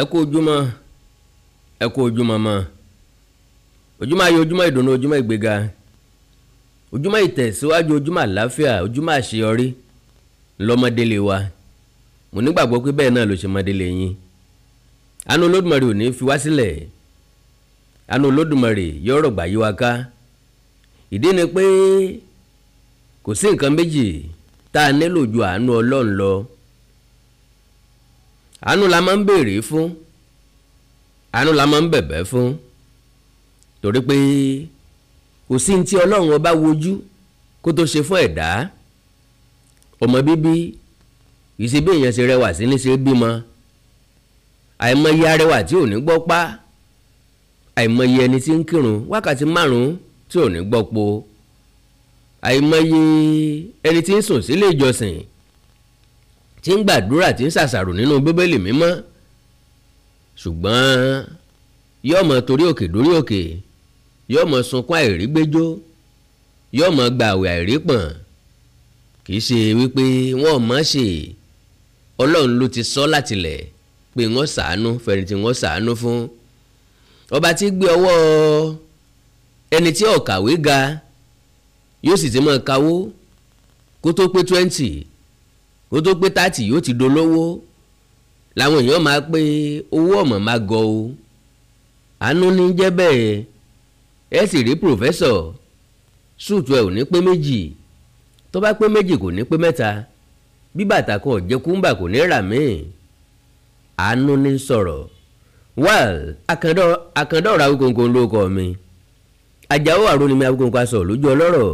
ẹ kú ojúmọ́ ẹ kú ojúmọ́ mọ́ ojúmọ́ ayọ̀ ojúmọ́ ìdùnnú ojúmọ́ ìgbéga ojúmọ́ ìtẹ̀síwájú ojúmọ́ àlàáfíà ojúmọ́ àṣeyọrí lọ́mọdélé wa mo nígbàgbọ́ pé bẹ́ẹ̀ náà ló ṣe mọ́délé yín àánú olódùmarè ò ní fi wá sílẹ̀ àánú olódùmarè yóò rọ̀gbà yí wa ká ìdí ni pé kò sí nǹkan méjì tá a nílò ju àánú ọlọ́run lọ. Lo àánú la máa ń béèrè fún àánú la máa ń bẹ̀bẹ̀ fún torí pé kò sí ní tí ọlọ́run ọba wojú kó tó ṣe fún ẹ̀dá ọmọ bíbí kìí ṣe bí èèyàn ṣe rẹwà sí ní ṣe bímọ àìmọye arẹwà tí ò ní gbọ́ pa àìmọye ẹni tí ń kírun wákàtí márùn-ún tí ò ní gbọ́ po àìmọye ẹni tí ń sùn sílé ìjọsìn tí ń gbàdúrà tí ń ṣàṣàrò nínú bíbélì mímọ́ ṣùgbọ́n yóò mọ torí òkè dórí òkè yóò mọ sunkún àìrígbéjó yóò mọ gba àwẹ̀ àìrípọ̀n kì í ṣe wípé wọn ò mọ̀ ṣe ọlọ́run ló ti sọ látilẹ̀ pé wọ́n ṣàánú fẹ̀yìntì wọ́n ṣàánú fún ọba tí gbé ọwọ́ ẹni tí ó ga yóò sì ti mọ̀ kawó kó tó pé twenty ó tó pé tààtì yóò ti dolówó làwọn èèyàn máa pé owó ọ̀mọ̀ máa gọ o àánú ní jẹ́ bẹ́ẹ̀ ẹ sì rí pòfẹ́sọ̀ sùtù ẹ ò ní pé méjì tó bá pé méjì kò ní pé mẹ́ta bí bàtà kan ò jẹ́ kúńbà kò ní rà míì àánú ní sọ̀rọ̀ well àkàndọ̀rọ̀ awíkóńkó ló kọ́ mi àjàó àrùn ni mi awíkóńkó aṣọ lójú ọlọ́rọ̀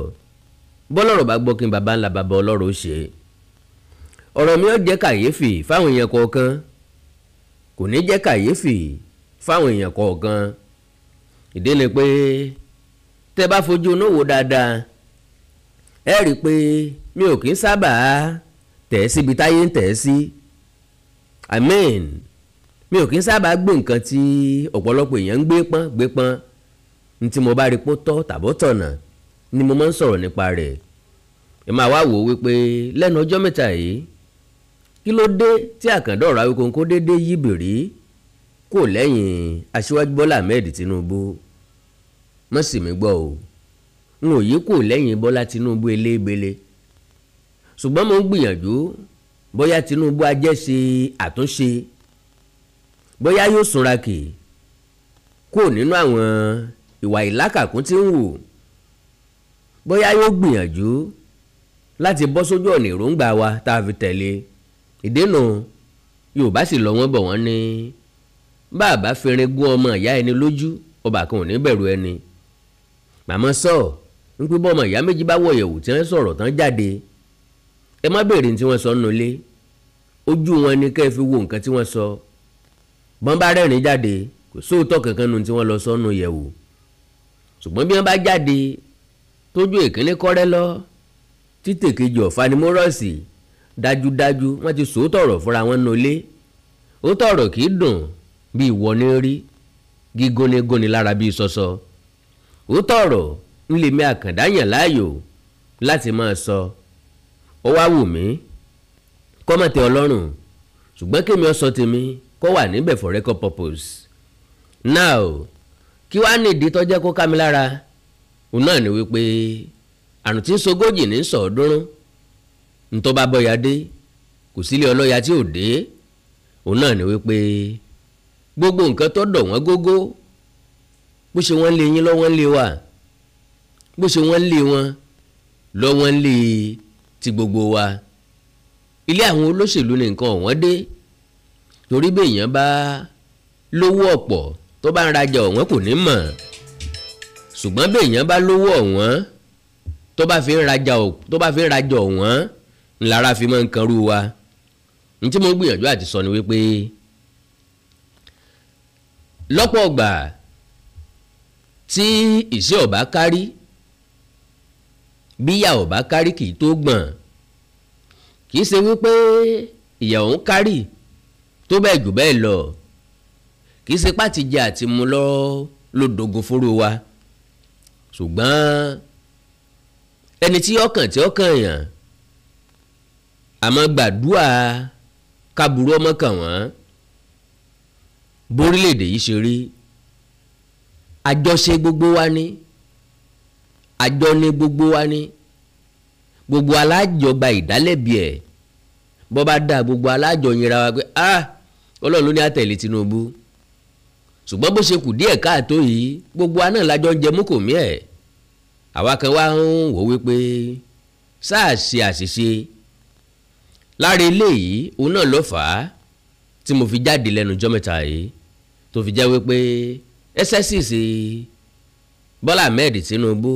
bọ́lọ́rọ̀ bá gbọ́ kí n bàbá ńlá bàbá ọlọ́rọ̀ ó ṣe é ọ̀rọ̀ mi ò jẹ́ kàyéfì fáwọn èèyàn kọ̀ọ̀kan kò ní jẹ́ kàyéfì fáwọn èèyàn kọ̀ọ̀kan ìdí ni pé tẹ́ bá fojú inú wo dáadáa ẹ rí i pé mi ò kì í sábà tẹ̀ síbi táyé ń tẹ̀ sí i mi ò kì í sábà gbé nǹkan tí ọ̀pọ̀lọpọ̀ èèyàn ń gbé pọ́n gbé pọ́n ní tí mo bá rí pó tọ́ tàbọ́ tọ̀nà ni mo máa ń sọ̀rọ̀ nípa rẹ̀ ẹ máa wá wò ó wípé lẹ́nu ọjọ́ mẹ́ta yìí kí ló dé tí àkàndá ọ̀rọ̀ Awíkóńkó déédéé yí bèrí kò lẹ́yìn aṣíwájú Bọ́lá Ahmed Tinubu mọ́ sì mí gbọ́ o n ò yí kò lẹ́yìn Bọ́lá Tinubu eléébele ṣùgbọ́n mo ń gbìyànjú bóyá Tinubu ajẹ́ ṣe àtúnṣe bóyá yóò súnra kì kò nínú àwọn ìwà ìlákàkún tí ń wò bóyá yóò gbìyànjú láti bọ́ sójú ọ̀nà èròǹgbà wa tá a fi tẹ̀lé ìdènà yorùbá sì lọ wọ́n bọ̀ wọ́n ní bàbá fẹ́rin gún ọmọ ìyá ẹni lójú ọba kan ò ní bẹ̀rù ẹni màmá sọ ń pẹ́ bọ́ ọmọ ìyá méjì bá wọ̀yẹ̀wò tí wọ́n sọ̀rọ̀ tán jáde ẹ má béèrè tí wọ́n sọ nù lé ojú wọn ni kẹ́ ẹ fi wo nǹkan tí wọ́n sọ bọ́n bá rẹ́rìn jáde kò sóòótọ́ kankan nu tí wọ́n lọ sọ́nù yẹ̀wò ṣùgbọ́n bí wọ́n bá jáde tójú ìkíní kọ́rẹ́ lọ títèkejì ọ̀fanimọ́rọ́sì dájúdájú wọ́n ti sòótọ́ ọ̀rọ̀ fúnra wọn nulẹ̀ òótọ́ ọ̀rọ̀ kì í dùn bí ìwọ ní rí gígónigóni lára bíi sọsọ òótọ́ ọ̀rọ̀ ń lè mi àkàndá yàn láàyò láti máa sọ ó wá wù mí kọ́mọ̀tẹ́ ọlọ́run ṣùgbọ́n kémi ọ sọ tèmi kó wà níbẹ̀ for record purpose now kí wàá nìdí tọ́jẹ́ kó ká mi lára òun náà ni wípé àrùn tí ń sogójì ní sọ̀ọ́dúnrún so ntọ́ bá bọ́yà dé kò sílé ọlọ́yà tí ò dé òun náà ni wípé gbogbo nǹkan tó dọ̀ wọ́n gógó bó ṣe wọ́n lé yín lọ́wọ́ ń lé wa bó ṣe wọ́n lé wọn lọ́wọ́ ń lé ti gbogbo wa ilé àwọn olóṣèlú ni nǹkan ọ̀wọ́n dé torí béèyàn bá lówó ọ̀pọ̀ tó bá ń rajà ọ̀wọ́n kò ní mọ̀ ṣùgbọ́n béèyàn bá lówó ọ̀wọ́n tó bá fi ń rajà ọ̀wọ́n ńlára fi máa ń kanrú wa ní tí mo ń gbìyànjú àti sọ ni wípé lọ́pọ̀ ọgbà tí ìṣe ọ̀bá kárí bíyà ọ̀bá kárí kì í tó gbọ̀n kì í ṣe wípé ìyà òun kárì tó bẹ́ẹ̀ jù bẹ́ẹ̀ lọ kì í ṣe pàtìjẹ àti mu lọ ló dogun fóró wa ṣùgbọ́n ẹni tí ọkàn tí ọkàn yàn àmọ́ gbàdúrà kábùrú ọmọ kàn wọ́n bórílẹ̀èdè yìí ṣe rí àjọṣe gbogbo wa ní àjọ ní gbogbo wa ní gbogbo alájọgba ìdálẹ́bi ẹ̀ bọ́ bá dá gbogbo alájọ yẹra wa pé ah ọlọ́run ló ní àtẹ̀lé Tinubu ṣùgbọ́n bó ṣe kù díẹ̀ káàtó yìí gbogbo aná lájọ ń jẹ mọ́kòmí ẹ̀ àwa kan wá ń wò wípé sáà ṣe àṣìṣe lára eléyìí òun náà ló fà á tí mo fi jáde lẹ́nu jọ́ mẹ́ta yìí tó fi jẹ́ wípé SSS Bọ́lá Ahmed Tinubu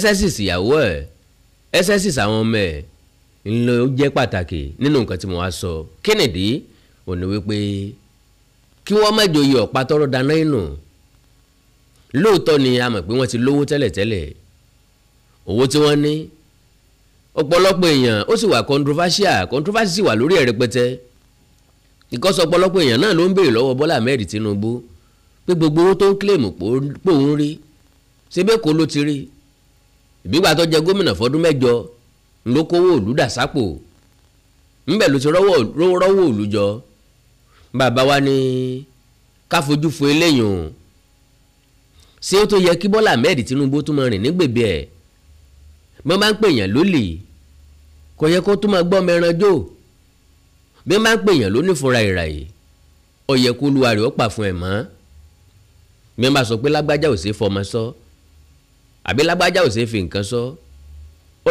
SSS ìyàwó ẹ̀ SSS àwọn ọmọ ẹ̀ ńlọ jẹ́ pàtàkì nínú nǹkan tí mo wá sọ kínìdí òní wípé kí wọ́n má joyè ọ̀pá tọrọ dáná inú lóòótọ́ ni a mọ̀ pé wọ́n ti lówó tẹ́lẹ̀tẹ́lẹ̀ owó tí wọ́n ní ọ̀pọ̀lọpọ̀ èèyàn ó sì wà controversial controversy sì wà lórí ẹ̀ rẹpẹtẹ because ọ̀pọ̀lọpọ̀ èèyàn náà ló ń béèrè lọ́wọ́ Bọ́lá Ahmed Tinubu pé gbogbo owó tó ń claim pòun rí ṣebí kò ló ti rí ìbígbà tó jẹ gómìnà fọdún mẹ́jọ ló kówó òlú dà sápò ńbẹ̀ ló ti rọ́wọ́ òlú jọ bàbá wa ni ká fojú fo eléyìí o ṣé ó tó yẹ kí Bọ́lá Ahmed Tinubu tún máa rìn ní gbèbè ẹ̀ bọ́n bá ń pèèyàn lólè kò yẹ kó tún máa gbọ́ mẹ́ran jò bí wọ́n bá ń pèèyàn ló nífura ìràyè ó yẹ kó lu àrè ó pa fún ẹ̀ mọ́ bí wọ́n bá sọ pé lágbájá ò sí fọmọ sọ àbí lágbájá ò sí fi nǹkan sọ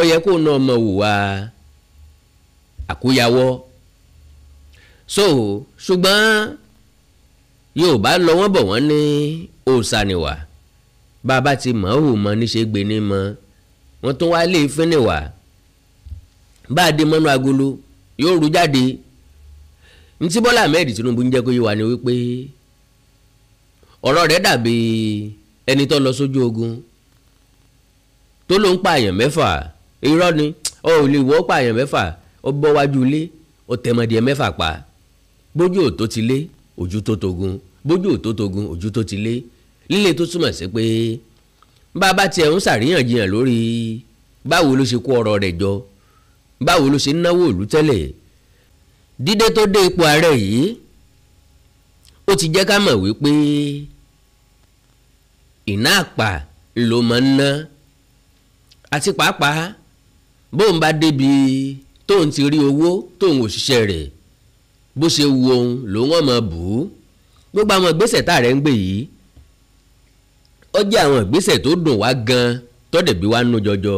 ó yẹ kó ná ọmọ hùwà àkóyawọ́ so ṣùgbọ́n Yorùbá lọ wọ́n bọ̀ wọ́n ní òòṣà bá a bá ti mọ̀ ọ́ hù mọ́ níṣẹ́ gbé ní mọ́ wọ́n tún wá lè fín nìwà bá a dé mọ́nú agolo yóò rú jáde ntí Bọ́lá Ahmed Tinubu ń jẹ́ kó yé wa ni wípé ọ̀rọ̀ rẹ̀ dàbí ẹni tó lọ sójú ogun tó ló ń pààyàn mẹ́fà irọ́ ni ọ ò lè wọ́ pààyàn mẹ́fà ó bọ́ wájú ilé ó tẹmọdìẹ mẹ́fà pa bójú ò tó ti lé ojú tó togun bójú ò tó togun ojú tó ti lé líle tó túmọ̀ sí pé bá a bá tiẹ̀ ń ṣàríyànjiyàn lórí báwo ló ṣe kó ọ̀rọ̀ rẹ̀ jọ báwo ló ṣe ń náwó ìlú tẹ́lẹ̀ dídé tó dé ipò ààrẹ yìí ó ti jẹ́ ká mọ̀ wípé iná àpà ló máa ń ná àti pàápàá bóun bá débi tóun ti rí owó tóun òṣìṣẹ́ rẹ̀ bó ṣe wu òun lòun ọmọ bù ú gbogbo àwọn ìgbésẹ̀ tá a rẹ̀ ń gbé yìí ó jẹ́ àwọn ìgbésẹ̀ tó dùn wá gan-an wá nú jọjọ.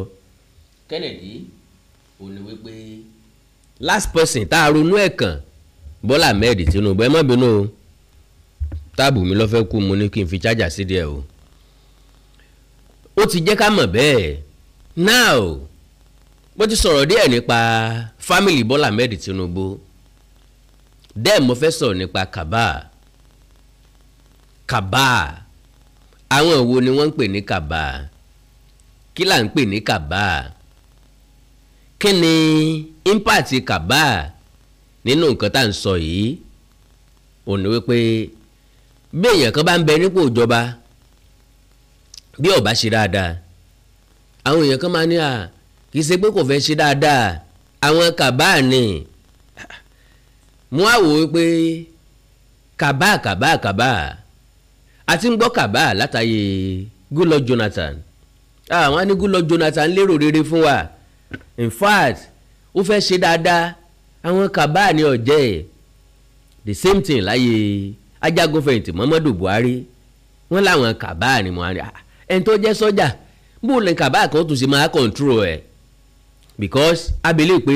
Kennedy ó ní wípé. last person tá a ronú ẹ̀ kàn Bọ́lá Ahmed Tinubu ẹ má bínú o táàbù mi lọ́fẹ́ kú mo ní kí n fi chájà sí díẹ̀ o ó ti jẹ́ ká mọ̀ bẹ́ẹ̀ now mo ti sọ̀rọ̀ díẹ̀ nípa family Bọ́lá Ahmed Tinubu then mo fẹ́ sọ̀rọ̀ nípa kaba kaba àwọn wo ni wọ́n ń pè ní kaba kí là ń pè ní kaba kí ni impact kaba nínú nǹkan tá à ń sọ yìí ò ní wípé bí èèyàn kan bá ń bẹ nípò ìjọba bí ó ṣe dáadáa àwọn èèyàn kan máa ní à kì í ṣe pé kò fẹ́ ṣe dáadáa àwọn kaba ni mú àwò wípé kaba kaba kaba àti ń gbọ́ kaba látàyè Goodluck Jonathan àwọn ah, á ní Goodluck Jonathan lérò rere fún wa in fact ó fẹ́ ṣe dáadáa àwọn kaba ni ọ̀jẹ́ ẹ̀ the same thing láyé ajagunfẹ̀yìntì Muhammadu Buhari wọ́n láwọn kaba ni Buhari ah, ẹni tó jẹ́ sọ́jà bóun ni kaba kan tún ṣe máa control ẹ̀ because abẹ́lé pé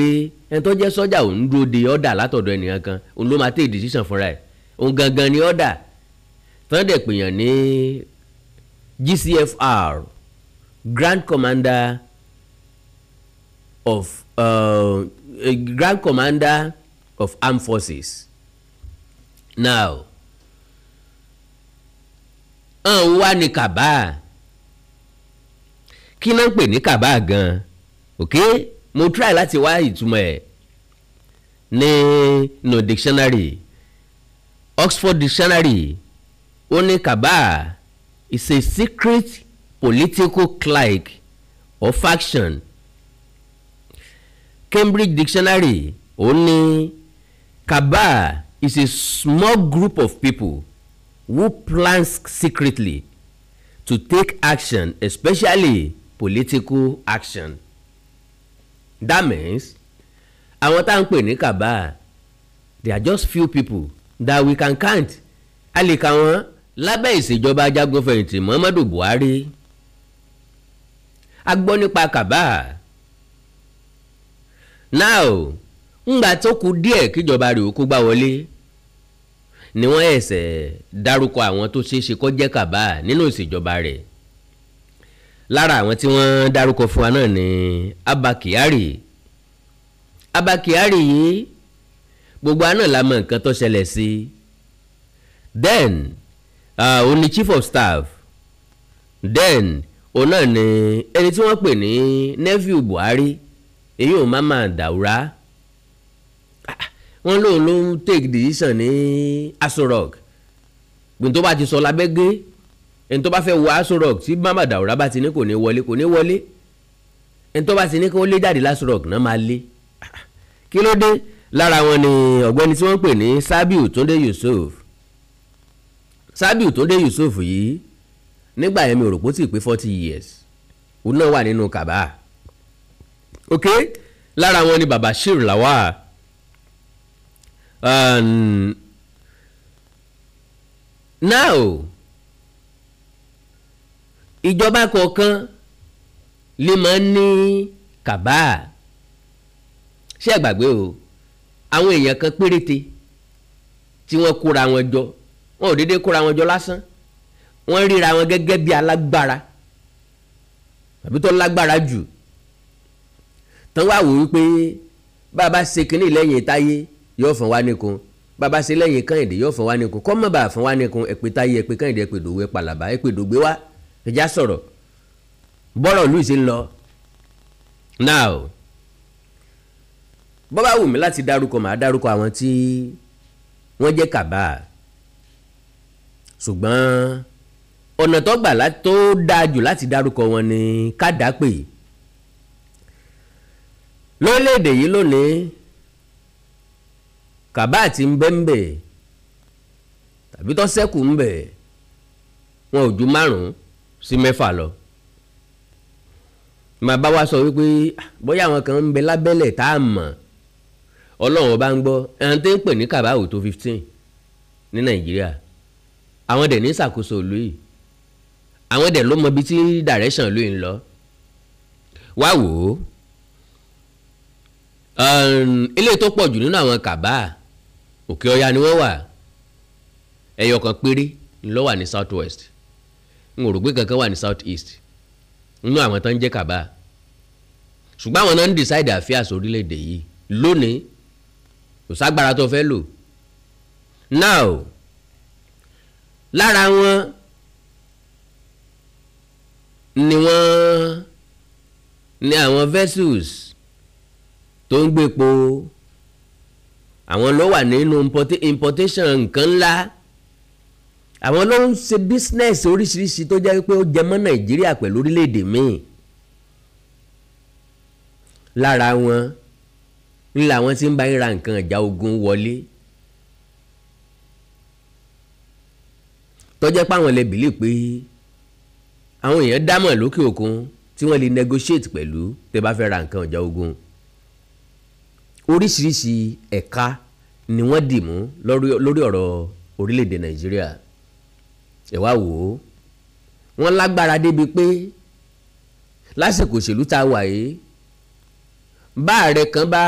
ẹni tó jẹ́ sọ́jà òun dúró de ọ̀dà látọ̀dọ̀ ẹnìkan kan òun ló máa take decision fúnra ẹ̀ òun gangan ni ọ̀dà tán dẹ̀ pèèyàn ní GCFR Grand Commander of uh, a grand commander of armed forces now ọ̀hún wá ní kàbá kí náà ń pè ní kàbá gan ok mo try láti wá ìtumọ̀ ẹ̀ ní no dictionary Oxford dictionary ó ní kàbá is a secret political clique or faction Cambridge Dictionary ó ní cabal is a small group of people who plan secretly to take action especially political action that means àwọn tá à ń pè ní cabal they are just few people that we can count a lè kà wọ́n lábẹ́ ìṣèjọba ajagun fẹ̀yìntì Muhammadu Buhari a gbọ́ nípa cabal now ngbà tó kù díẹ̀ kíjọba rèé kó gbá wọlé ni wọ́n ẹ̀sẹ̀ dárúkọ àwọn tó ṣeé ṣe kó jẹ́ kàbá nínú ìṣèjọba rẹ̀ lára àwọn tí wọ́n dárúkọ fún wa náà ni Abba Kyari Abba Kyari yìí gbogbo àná la mọ nǹkan tó ṣẹlẹ̀ sí then òun uh, ni chief of staff then òun náà ni ẹni tí wọ́n pè ní nephew Buhari èyí ò má má dàwúrà wọ́n lóun ló ń take decision ní Aso Rock gbìn tó bá ti sọ lábẹ́gẹ́ ẹni tó bá fẹ́ wọ Aso Rock tí má má dàwúrà bá ti ní kò ní wọlé kò ní wọlé ẹni tó bá ti ní kó lé jáde l'Aso náà máa lé kí ló dé lára wọn ni ọ̀gbẹ́ni tí wọ́n ń pè ní Sabiu Túndé Yusuf Sabiu Túndé Yusuf yìí nígbà yẹn mi ò rò pé ó ti pé forty years òun náà wà nínú kàbá ok lára wọn ni baba shir lawal um, now ìjọba kọ̀ọ̀kan lè máa ń ní kàbá ṣé ẹ gbàgbé o àwọn èèyàn kan péréte tí wọ́n kóra wọn jọ wọn ò déédéé kóra wọn jọ lásán wọ́n ríra wọn gẹ́gẹ́ bí alágbára àbí tó lágbára jù tán wá wò wípé bàbá ṣe kínní lẹ́yìn táyé yóò fún wa nìkan bàbá ṣe lẹ́yìn kẹ́hìndé yóò fún wa nìkan kọ́mọ̀ bá fún wa nìkan ẹ̀pẹ́ táyé ẹ̀pẹ́ kẹ́hìndé ẹ̀pẹ́ dòwe pàlàbà ẹ̀pẹ́ dògbé wa ẹ̀já sọ̀rọ̀ bọ́rọ̀ lùú ṣe ń lọ now bọ́ bá wù mí láti dárúkọ màá dárúkọ àwọn tí wọ́n jẹ́ kàbá ṣùgbọ́n ọ̀nà tó gbà tó dáa jù láti dárúkọ wọn ni kádàá pè é lórílẹ̀‐èdè yìí lónìí kàbáàtì ń bẹ́ ń bẹ̀ tàbí tó ṣẹ́kù ń bẹ̀ wọn ò ju márùn-ún sí mẹ́fà lọ màá bá wa sọ wípé ah, bóyá àwọn kan ń bẹ lábẹ́lẹ̀ tá a mọ̀ ọlọ́run bá ń gbọ́ ẹ̀hán tó ń pè ní kàbáwò tó fifteen ní nàìjíríà àwọn dẹ̀ ní ṣàkóso ìlú yìí àwọn dẹ̀ ló mọ ibi tí direction ìlú yìí ń lọ wá wò ó eléyìí um, tó pọ̀ jù nínú àwọn kàbá òkè ọya ni wọ́n wà ẹyọ kan péré ló wà ní south west n ò rò pé kankan wà ní south east nínú àwọn tó ń jẹ́ kàbá ṣùgbọ́n àwọn náà ń decide affairs orílẹ̀-èdè yìí lónìí kò ságbára tó fẹ́ lò now lára wọn ni wọ́n ni àwọn vessels tó ń gbépo àwọn ló wà nínú importation nǹkan ńlá àwọn ló ń ṣe business oríṣiríṣi tó jẹ́ pé ó jẹ mọ́ nàìjíríà pẹ̀lú orílẹ̀-èdè míì lára wọn ń làwọn tí ń bá yín ra nǹkan ìjà ogun wọlé tó jẹ́ pé àwọn lè bìlì pé àwọn èèyàn dámọ̀ lókè òkun tí wọ́n lè negotiate pẹ̀lú tẹ́ bá fẹ́ ra nǹkan ìjà ogun oríṣiríṣi ẹ̀ka ni wọ́n dì mú lórí ọ̀rọ̀ orílẹ̀-èdè nàìjíríà ẹ wá wò ó wọ́n lágbára débi pé lásìkò òṣèlú tá a wà yìí báàrẹ kan bá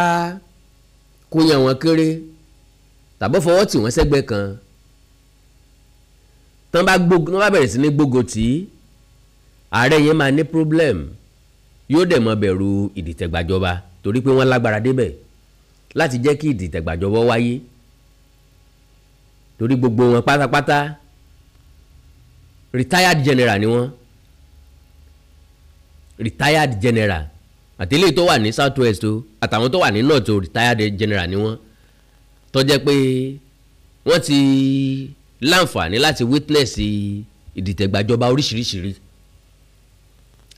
kó yan wọn kéré tàbí fọwọ́ tì wọ́n sẹ́gbẹ́ kan tán bá gbógun tán bá bẹ̀rẹ̀ sí ní gbógun tì ààrẹ yẹn máa ní problem yóò dẹ̀ mọ́ bẹ̀rù ìdìtẹ̀gbàjọba torí pé wọ́n lágbára débẹ̀ láti jẹ́ kí ìdìtẹ̀gbàjọbọ wáyé torí gbogbo wọn pátápátá retired general ni wọ́n retired general àtẹlẹ́yìn tó wà ní south west o àtàwọn tó wà ní north o retired general ni wọ́n tó jẹ́ pé wọ́n ti láǹfààní láti witness ìdìtẹ̀gbàjọba oríṣiríṣiri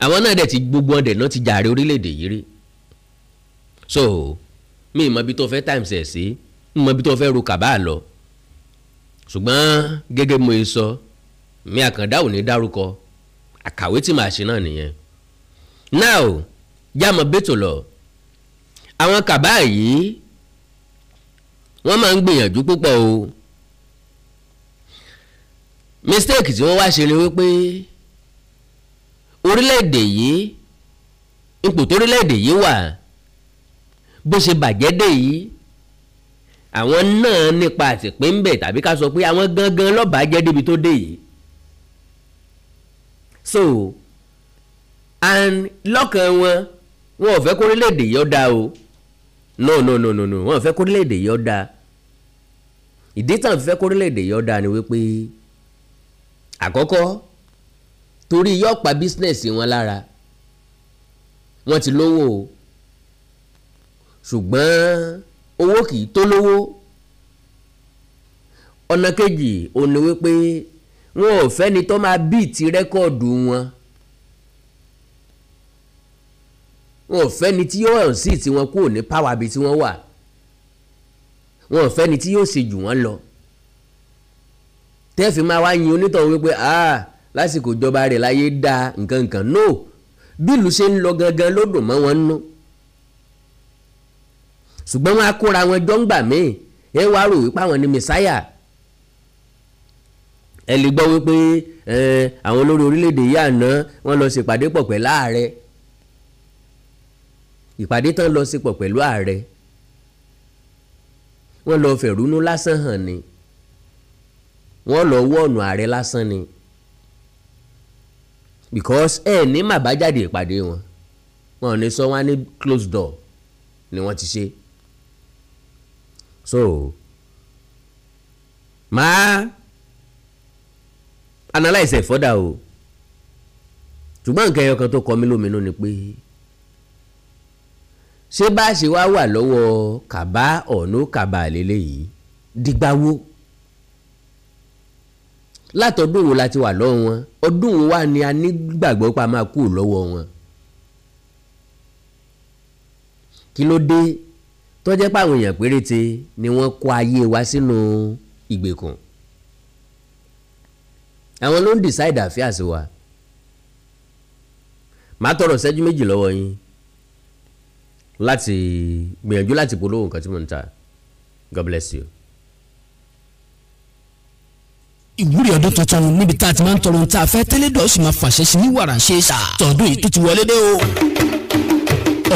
àwọn náà dẹ̀ ti gbogbo ọ̀dẹ̀ náà ti jàre orílẹ̀-èdè yìí rí so mi ì mọ ibi tó fẹ́ times ẹ̀ sí mi mọ ibi tó fẹ́ ro kàbá lọ ṣùgbọ́n gẹ́gẹ́ mo ṣe sọ mi àkàndá ò ní dárúkọ àkàwé tí màá ṣe náà nìyẹn now jáàmọ̀ bẹ́tò lọ àwọn kàbá yìí wọ́n máa ń gbìyànjú púpọ̀ o mistake tí wọ́n wá ṣe ni wípé orílẹ̀-èdè yìí ipò tó orílẹ̀-èdè yìí wà bó ṣe bàjẹ́ dé yìí àwọn náà nípa àtìpín ń bẹ̀ tàbí ká sọ pé àwọn gangan lọ́bàá jẹ́ débi tó dé yìí so and lọ́kàn wọn wọn ò fẹ́ kórílẹ̀-èdè yọ da o no no no no no wọn ò fẹ́ kórílẹ̀-èdè yọ da ìdí tàn fẹ́ kórílẹ̀-èdè yọ da ni wípé àkọ́kọ́ torí yọ̀ọ̀pá bísínẹ̀sì wọn lára wọn ti lówó o ṣùgbọ́n owó kì í tó lówó ọ̀nà kejì òun ni wípé wọn ò fẹ́ni tó máa bíìtì rẹ́kọ̀dù wọn wọn ò fẹ́ni tí yóò hàn sí tí wọn kúrò ní páwá bíi tí wọ́n wà wọn ò fẹ́ni tí yóò ṣe jù wọ́n lọ tẹ́ẹ̀fì máa wá yin onítọ̀hún wípé ah lásìkò ìjọba rẹ̀ láyé dáa nǹkan nǹkan no bílù ṣe ń lọ gangan ló mọ́ wọn nú. No ṣùgbọ́n wọn á kóra wọn jọ ń gbà míì ẹ wá rò wípé àwọn ni mẹsáyà ẹ lè gbọ́ wípé àwọn olórí orílẹ̀-èdè yìí àná wọ́n lọ ṣèpàdé pọ̀ pẹ̀lú ààrẹ ìpàdé tán lọ sí pẹ̀lú ààrẹ wọ́n lọ fẹ̀rúnú lásán hàn ni wọ́n lọ wọ́ọ̀nù ààrẹ lásán ni because ẹ ní màbájáde ìpàdé wọn wọn ò ní sọ wọn ní close door ni wọ́n ti ṣe so ma, analyze ẹ̀ fọ́dà o ṣùgbọ́n nǹkan ẹyọ kan tó kọ mí lóminú ni pé ṣé bá a ṣe wá wà lọ́wọ́ kàbá ọ̀nà kàbá lélẹ́yìí dìgbàwó látọdún wo la ti wà lọ́wọ́ wọn ọdún wo wà ní a nígbàgbọ́ pa máa kú lọ́wọ́ wọn kí ló dé tó jẹ́ pàwọn èèyàn péréte ni wọ́n kó ayé wa sínú ìgbèkùn àwọn ló ń decide àfíà sí wa màá tọrọ ṣẹ́jú méjì lọ́wọ́ yín láti gbìyànjú láti polówó nǹkan tí mo ń ta God bless you ìwúrí ọdún tuntun níbi tá a ti máa ń tọrọ ohun tá a fẹ́ tẹ́lẹ̀dọ̀ sì máa fàṣẹ sí ní wàrà ṣe é sà tọdún yìí tó ti wọlé dé o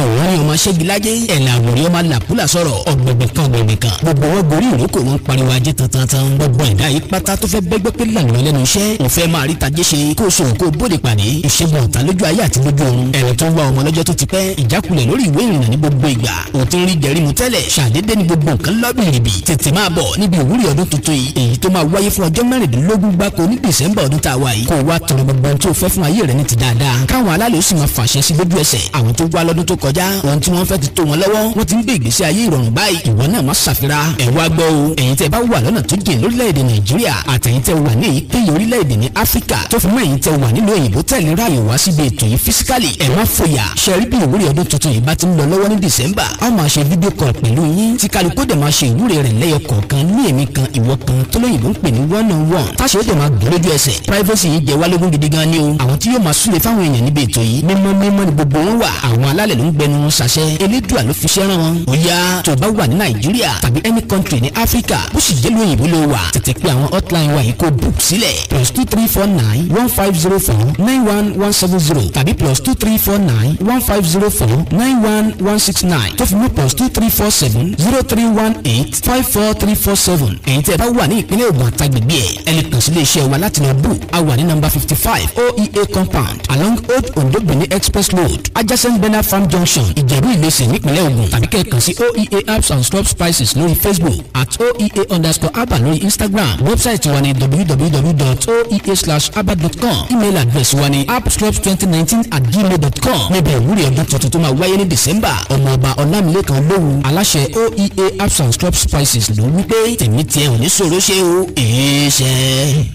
ọ̀wọ́n ni ọmọ ṣẹ́gi lájẹ́ ẹ̀là àwòrí ọmọ làkúlà sọ̀rọ̀ ọ̀gbẹ̀gbẹ̀ kan ọ̀gbẹ̀gbẹ̀ kan gbogbo wọn gorí ìrókò wọn pariwo ajé tantan gbogbo ẹ̀dá yìí pátá tó fẹ́ bẹ́gbẹ́ pé lànà lẹ́nu iṣẹ́ kò fẹ́ máa rí tajé ṣe kó so kó bóde pàdé ìṣègùn ọ̀tá lójú ayé àti lójú oorun ẹ̀rọ tó wá ọmọ lọ́jọ́ tó ti pẹ́ ìjákulẹ̀ lórí ìwé ìrìnnà ní gbogbo ìgbà òtún rí jẹ̀rí mu tẹ́lẹ̀ ṣàdédé ní gbogbo nǹkan lọ́bìnrin bì tètè máa bọ̀ níbi ìwúrí ọdún tuntun yìí èyí tó máa wáyé fún ọjọ́ mẹ́rìndínlógún gbáko ní dẹ̀sẹ̀mbà ọdún tá a wà yìí kó wá tọrọ gbogbo ohun tó fẹ́ fún ayé rẹ̀ ní ti dáadáa káwọn alálẹ̀ sì máa fàṣẹ sí lójú ẹsẹ̀ àwọn tó wá lọ́dún tó k kọjá ohun tí wọ́n fẹ́ ti tó wọn lọ́wọ́ wọ́n ti ń gbé ìgbésí ayé ìrọ̀rùn báyìí ìwọ náà má ṣàfira ẹ̀ wá gbọ́ o ẹ̀yin tẹ́ bá wà lọ́nà tó jìn lórílẹ̀‐èdè nàìjíríà àtẹ̀yin tẹ́ wà ní èyíkéyìí orílẹ̀‐èdè ní áfíríkà tó fi mọ́ ẹ̀yin tẹ́ wà nílùú òyìnbó tẹ̀lé ráàyè wá síbi ètò yìí físíkàlì ẹ̀ má fòyà ṣẹ́rí bí ìwúrí ọdún tuntun yìí bá ti ń lọ lọ́wọ́ ní dìsẹ́mbà a máa ṣe fídíò kan pẹ̀lú yín tí kálukú dẹ̀ máa ṣe ìwúrí rẹ̀ lẹ́yọ kọ̀ọ̀kan ní èmi kan ìwọ kan tólóyìnbó ń pè ní one on one táṣe ó dẹ̀ máa gbé lójú ẹsẹ̀ privacy yìí jẹ́ wálógún gidi gan ni o àwọn tí yóò máa súre fáwọn èèyàn níbi ètò yìí mímọ́ mímọ́ ni gbogbo wọn wà àwọn alálẹ̀ ló ń gbẹnu sàṣẹ elédùà ló fi ṣẹ́ràn wọn. ó yá tó bá wà ní nàìjíríà tàbí any country ní áfíríkà bó sì jẹ́ lóyìn ìbúlò wà tètè pé àwọn hotline wa yìí kó book sílẹ̀ plus two three four nine one five zero four nine one one seven zero tàbí plus two three four nine one five zero four nine one one six nine tó fi mú plus two three four seven zero three one eight five four three four seven èyí tẹ́ bá wà ní ìpínlẹ̀ Ògùn àtàgbègbè ẹ̀ ẹ lè kàn sí iléeṣẹ́ wa láti lọ bù a wà ní number fifty five oea compound along old ondo benin express road adjacent benin farm junction junction ìjẹ̀bú ìmẹ̀sì nípínlẹ̀ Ògùn tàbí kẹ́ẹ̀kan sí oea apps and stop spices lórí facebook at oea underscore abba lórí instagram wẹ́bsáìtì wa ni www.oea/abba.com email address wa ni appstrops2019 at gmail.com níbẹ̀ ìwúrí ọdún tuntun tó máa wáyé ní december ọmọ ọba ọlámilẹ́kan olóhùn aláṣẹ oea apps and stop spices ló wí pé tèmi tiẹ̀ ò ní ṣòro ṣe o èé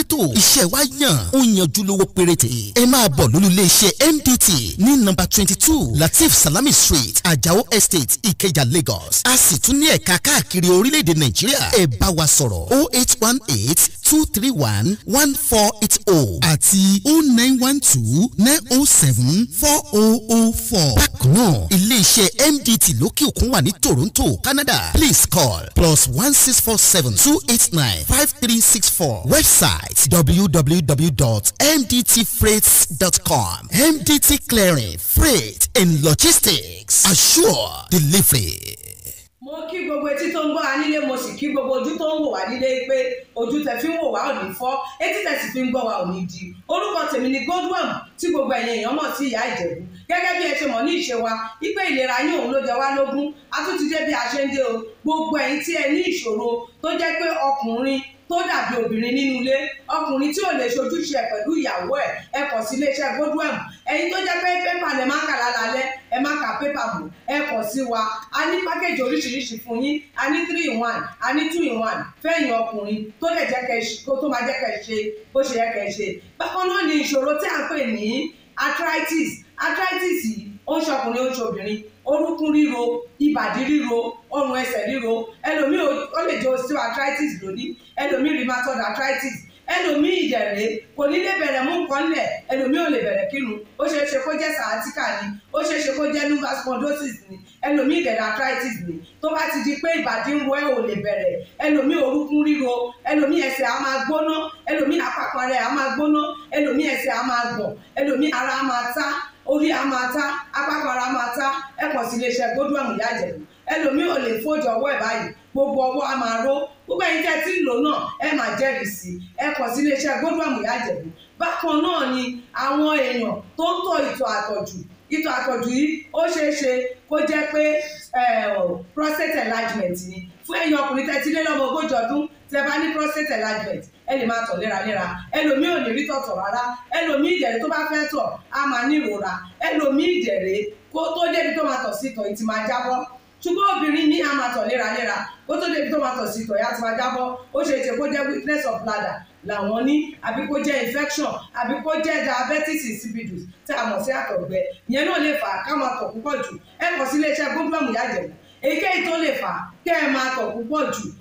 létò iṣẹ́ wa yàn ó yanjú lówó péréte ẹ máa bọ̀ lólulẹ̀ iṣẹ́ MDT ní nọ́mbà twenty two Latif Salami Street Ajao Estate Ikeja, Lagos a sì tún ní ẹ̀ka káàkiri orílẹ̀-èdè Nàìjíríà ẹ bá wa sọ̀rọ̀ oh eight one eight two three one one four eight oh àti O oh nine one two nine O oh seven four O oh O four. bákan náà iléeṣẹ́ MDT lókè òkun wà ní Toronto Canada please call plus one six four seven two eight nine five three six four website www.mdtfreights.com MDT Clearing Freight and Logistics assure delivery mo kí gbogbo etí tó ń gbọ́ wa nílé mo sì kí gbogbo ojú tó ń wò wá nílé pé ojú tẹ fi ń wò wá ò ní fọ́ etí tẹ sì fi ń gbọ́ wa ò di orúkọ tèmi ni Godwin tí gbogbo ẹ̀yin èèyàn mọ̀ sí ìyá Ìjẹ̀bú gẹ́gẹ́ bí ẹ ṣe mọ̀ ní ìṣe wa wípé ìlera yín òun ló jẹ wá lógún a tún ti dé bí a ṣe ń dé o gbogbo ẹ̀yin tí ẹ ní ìṣòro tó jẹ́ pé ọkùnrin tó dàbí obìnrin nínú ilé ọkùnrin tí ò lè ṣojúṣe ẹ̀ pẹ̀lú ìyàwó ẹ̀ ẹ kọ̀ sí iléeṣẹ́ godwell ẹ̀yin tó jẹ́ pé pépà lè má kà lálálẹ́ ẹ má kà pépà bò ẹ kọ̀ sí wa a ní pákéjì oríṣiríṣi fún yín a ní three in one a ní two in one fẹ́yìn ọkùnrin tó lè jẹ́ kẹ́ tó máa jẹ́ kẹ́ ṣe bó ṣe yẹ kẹ́ ṣe bákan náà ni ìṣòro tí a ń pè ní arthritis arthritis yìí ó ń ṣọkùnrin ó ń ṣobìnrin orúkún ríro ìbàdí ríro ọrùn ẹsẹ̀ ríro ẹlòmíì ó lè jẹ́ osteo arthritis lónìí ẹlòmíì rheumatoid arthritis ẹlòmíì ìdẹ̀rẹ̀ kò ní lè bẹ̀rẹ̀ mú nǹkan lẹ̀ ẹlòmíì ò lè bẹ̀rẹ̀ kírun ó ṣeé ṣe kó jẹ́ sciatica ni ó ṣeé ṣe kó jẹ́ lumbar spondylosis ni ẹlòmíì ìdẹ̀rẹ̀ arthritis ni tó bá ti di pé ìbàdí ń wọ ẹ̀ ò lè bẹ̀rẹ̀ ẹlòmíì orúkún ríro ẹlòmíì ẹsẹ̀ á máa gbóná ẹlòmíì àpapọ̀ rẹ̀ á máa gbóná ẹlòmíì ẹsẹ̀ á máa gbọ̀n ẹlòmíì ara á máa tá orí a máa ta apákanra máa ta ẹ kàn sí iléeṣẹ́ gbódúọ̀mù yájẹ̀bù ẹlòmíì ò lè fojú ọwọ́ ẹ̀ báyìí gbogbo ọwọ́ a máa ró gbogbo ẹ̀yin tẹ́ ti ń lò náà ẹ máa jẹ́rìí sí ẹ kàn sí iléeṣẹ́ gbódúọ̀mù yájẹ̀bù bákan náà ni àwọn èèyàn tó ń tọ̀ ìtọ̀ àtọ̀jù ìtọ̀ àtọ̀jù yìí ó ṣeé ṣe kó jẹ́ pé prostate enlargement ni fún ẹ̀yin ọkùnrin tẹ́ ti lé lọ́mọ ogójì ọdún tẹ́ bá ní prostate enlargement ẹ lè máa tọ̀ léraléra ẹlòmíì ò ní rí tọ̀tọ̀ rárá ẹlòmíì ìdẹ̀rẹ̀ tó bá fẹ́ tọ̀ a máa ní ìrora ẹlòmíì ìdẹ̀rẹ̀ kó tó débi tó máa tọ̀ sí tọ̀ ìtì máa jábọ́ ṣùgbọ́n obìnrin ní a máa tọ̀ léraléra kó tó débi tó máa tọ̀ sí tọ̀ ìyá ti máa jábọ́ ó ṣe ṣe kó jẹ́ weakness of bladder làwọn ní àbí kó jẹ́ infection àbí kó jẹ́ diabetes insipidus tí a mọ̀ sí àtọ̀gbẹ ìyẹn náà lè fà á ká máa tọ̀ púpọ̀ jù ẹ kàn sí iléeṣẹ́ gómìnà ìyá ìjẹ̀bù èyíkéyìí tó lè fà á kẹ́ ẹ máa tọ̀ púpọ̀ jù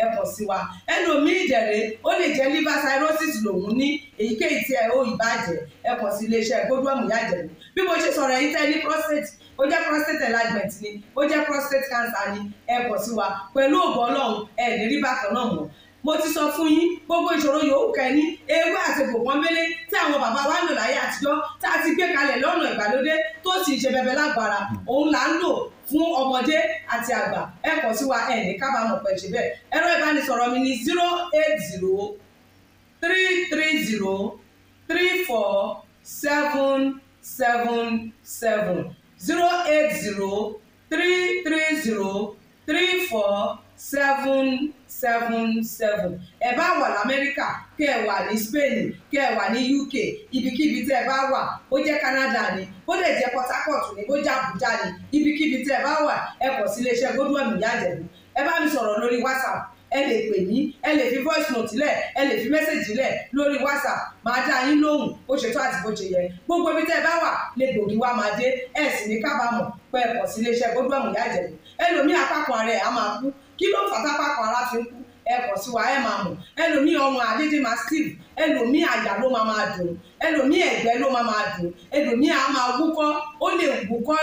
ẹ kàn sí wa ẹlòmíì ìjẹ̀rẹ̀ ó lè jẹ́ liver cirrhosis lòun ní èyíkéyìí tí ẹ ó ìbàjẹ́ ẹ kàn sí iléeṣẹ́ gbódúọ̀mù yájẹ̀rẹ̀ bí mo ṣe sọ̀rọ̀ yìí tẹ́ ní prostate ó jẹ́ prostate enlargement ni ó jẹ́ prostate cancer ni ẹ kàn sí wa pẹ̀lú ògbọ́n ọlọ́run ẹ ní rí bákan náà mọ́ mo ti sọ fún yín gbogbo ìṣòro yòówù kẹni ewé àti gbòǹkan mélé tí àwọn bàbá wa ń lò láyé àtijọ́ tá a ti gbé kalẹ̀ lọ́nà ìgbàlódé tó sì ṣe bẹbẹ lágbára òun là ń lò fún ọmọdé àti àgbà ẹ kàn sí wa ẹ ní kábàámọ̀ pẹ̀ ṣe bẹ́ẹ̀ ẹ̀rọ ìbánisọ̀rọ̀ mi ni zero eight zero three three zero three four seven seven seven zero eight zero three three zero three four seven seven seven ẹ bá wà lamẹ́ríkà kẹ́ ẹ wà ní spain kẹ́ ẹ wà ní uk ibikíbi tẹ́ ẹ bá wà ó jẹ́ canada ni ó lè jẹ́ port harcourt ni ó jẹ́ abuja ni ibikíbi tẹ́ ẹ bá wà ẹ kọ̀ sí iléeṣẹ́ godwin ìyájẹ̀bù ẹ bá mi sọ̀rọ̀ lórí whatsapp ẹ lè pè mí ẹ lè fi voice note lẹ̀ ẹ lè fi message lẹ̀ lórí whatsapp máa dá yín lóhùn ó ṣètò àti bó ṣe yẹ gbogbo ibi tẹ́ ẹ bá wà lè gbòógì wá máa dé ẹ sì ní kábàámọ̀ pé ẹ kọ̀ sí iléeṣẹ́ godwin ìyájẹ̀bù ẹlòmíì apá kan ara ẹ̀ máa kú kí ló fà tápákọ̀ ara fi ń kú ẹ sí wa ẹ máa mọ̀ ẹlòmíì ọmọ àdédé máa steve ẹlòmíì àyà ló máa máa dùn ẹlòmíì ẹ̀gbẹ́ ló máa máa dùn ẹlòmíì a máa wúkọ́ ó lè wúkọ́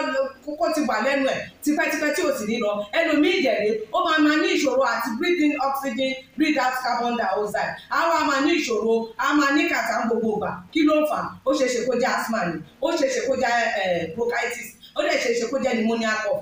kókó ti wà lẹ́nu ẹ̀ tipẹ́tipẹ́ tí ò sì ní lọ ẹlòmíì ìjẹ̀lẹ̀ ó máa máa ní ìṣòro àti breathe oxygen breathe out carbon dioxide á wá máa ní ìṣòro á máa ní kàtà gbogbo ìgbà kí ló ń fà ó ṣeéṣe kó jẹ́ asthma ni ó ṣeéṣe kó jẹ́ bronchitis ó lè ṣeéṣe kó jẹ́ pneumonia cough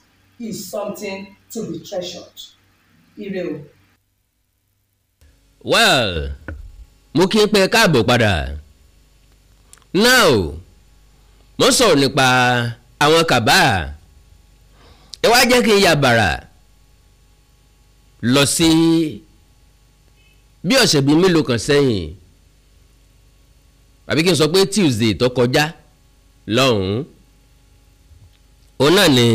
is something to be treasured. Ire o. Well, mo kí n pé káàbọ̀ padà. Now, mo sọ̀rọ̀ nípa àwọn kàbá. Ẹ wá jẹ́ kí n ya bàrà lọ sí bí ọ̀sẹ̀ bíi mélòó kan sẹ́yìn àbí kí n sọ pé Tuesday tó kọjá lọ́hùn-ún òun náà ni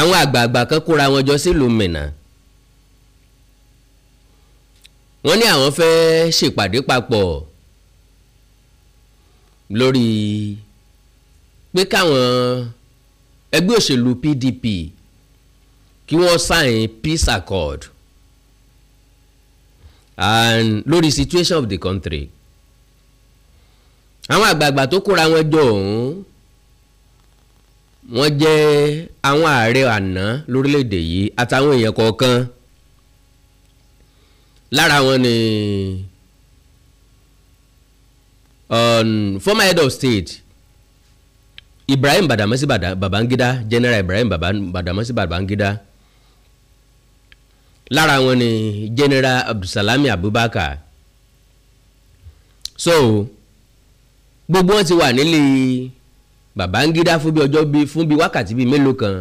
àwọn àgbààgbà kan kóra wọn jọ sílùú Mínà wọ́n ní àwọn fẹ́ ṣèpàdé papọ̀ lórí pé káwọn ẹgbẹ́ òṣèlú PDP kí wọ́n sign peace accord and lórí situation of the country àwọn àgbààgbà tó kóra wọn jọ ọ̀hún wọ́n jẹ́ àwọn ààrẹ àná lórílẹ̀‐èdè yìí àtàwọn èèyàn kọ̀ọ̀kan lára wọn ni um, former head of state Ibrahim Badamasi Babangida General Ibrahim Badamasi Babangida lára wọn ni General Abdulsalami Abubakar so gbogbo wọn ti wà nílé. Babangida fún bí ọjọ́ bíi fún bíi wákàtí bíi mélòó kan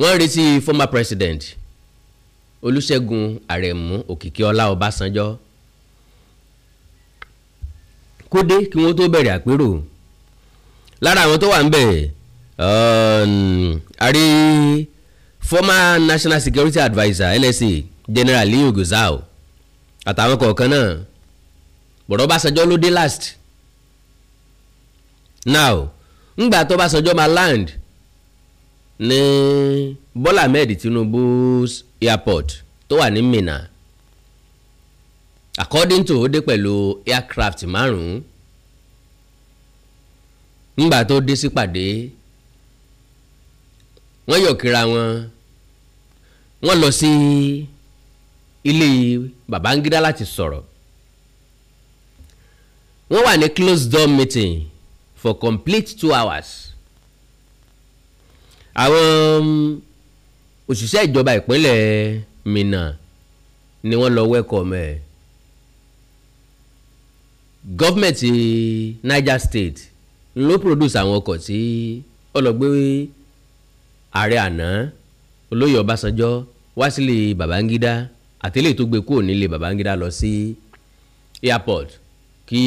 wọ́n retí former president Olúṣẹ́gun Àrẹ̀mú Òkìkíọlá Ọbásanjọ́ kódé kí wọ́n tó bẹ̀rẹ̀ àpérò lára àwọn tó wà ń bẹ̀ àrí um, former national security adviser NSA general Leo Gozao àtàwọn kọ̀ọ̀kan náà bọ̀dọ̀ Ọbásanjọ́ ló dé last now ngbà tó bá sọjọ́ máa land ní Bọ́lá Ahmed Tinubu's airport tó wà ní Minna according to ó dé pẹ̀lú aircraft márùn-ún ngbà tó dé sípàdé wọ́n yọ̀ kíra wọn wọ́n lọ sí ilé Babangida láti sọ̀rọ̀ wọ́n wà ní closed door meeting for complete two hours. àwọn um, òṣìṣẹ́ ìjọba ìpínlẹ̀ Minna ni wọ́n lọ wẹ́kọ̀ọ́ mẹ́ẹ̀ gọ́fìmẹ̀ntì Niger State ló produce àwọn ọkọ̀ tí ọlọ́gbé ààrẹ àná olóyè Ọbásanjọ́ wá sílé Babangida àtẹlẹ́ tó gbé kúrò nílé Babangida lọ sí airport kí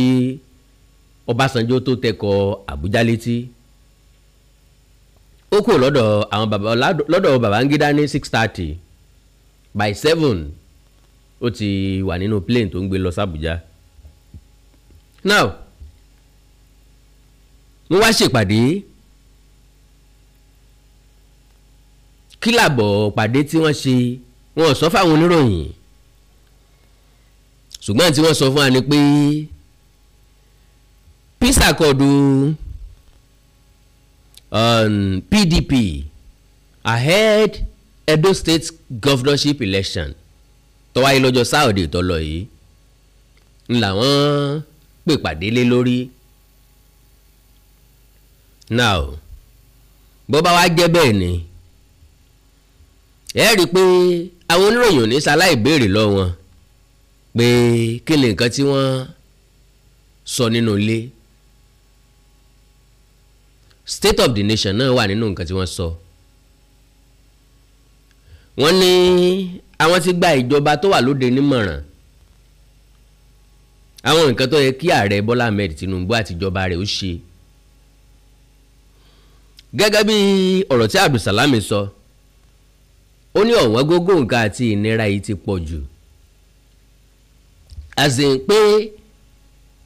Ọbásanjọ́ tó tẹkọ̀ Àbújá létí ó kúrò lọ́dọ̀ àwọn baba lọ́dọ̀ Babangida ní six thirty by seven ó ti wà nínú plane tó ń gbé lọ sàbújá now mo wá ṣèpàdé kílàbọ̀ pàdé tí wọ́n ṣe wọn ò sọ fáwọn oníròyìn ṣùgbọ́n tí wọ́n sọ fún wa ni pé peace accord um, PDP ahead Edo State governorship election tó wáyé lọ́jọ́ Saturday tó lọ yìí ń làwọn pè pàdé lé lórí now bó bá wá jẹ́ bẹ́ẹ̀ ni ẹ rí i pé àwọn oníròyìn ò ní ṣaláì béèrè lọ pé kí ni nǹkan tí wọ́n sọ nínú ilé. No state of the nation náà wà nínú nǹkan tí wọ́n sọ wọ́n ní àwọn ti gba ìjọba tó wà lóde nímọ̀ràn àwọn nǹkan tó yẹ kí ààrẹ Bọ́lá Ahmed Tinubu àtijọba rẹ̀ ó ṣe gẹ́gẹ́ bí ọ̀rọ̀ tí Abdulsalami sọ ó ní ọ̀wọ́n gógó nǹkan àti ìnira yìí ti pọ̀ jù àsìn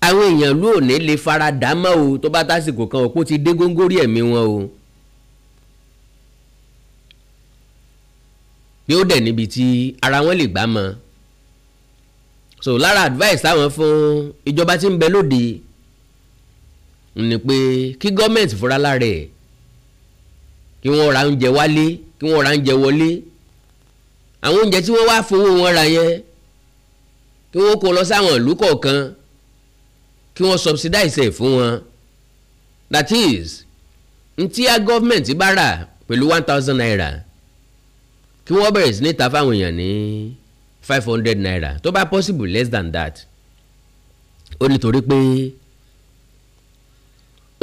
àwọn èèyàn ló ò ní lè fara dà mọ́ o tó bá tásìkò kan òpó ti dé góńgórí ẹ̀mí wọn o. bí ó dẹ̀ níbi tí ara wọn lè gbá mọ́ so lára advice táwọn fún ìjọba tí ń bẹ lóde ni pé kí gọ́ọ̀mẹ̀ntì fúnra lára ẹ̀ kí wọ́n ra oúnjẹ wálé kí wọ́n ra oúnjẹ wọlé àwọn oúnjẹ tí wọ́n wá fowó wọn ra yẹn kí wọ́n kó lọ sáwọn ìlú kọ̀ọ̀kan kí wọ́n subsidize ẹ̀ fún wọn that is ntí a gọ́ọ̀mẹ̀ntì bá rà pẹ̀lú one thousand naira kí wọ́n bẹ̀rẹ̀ sí ní ta fáwọn èèyàn ní five hundred naira tó bá possible less than that ó nítorí pé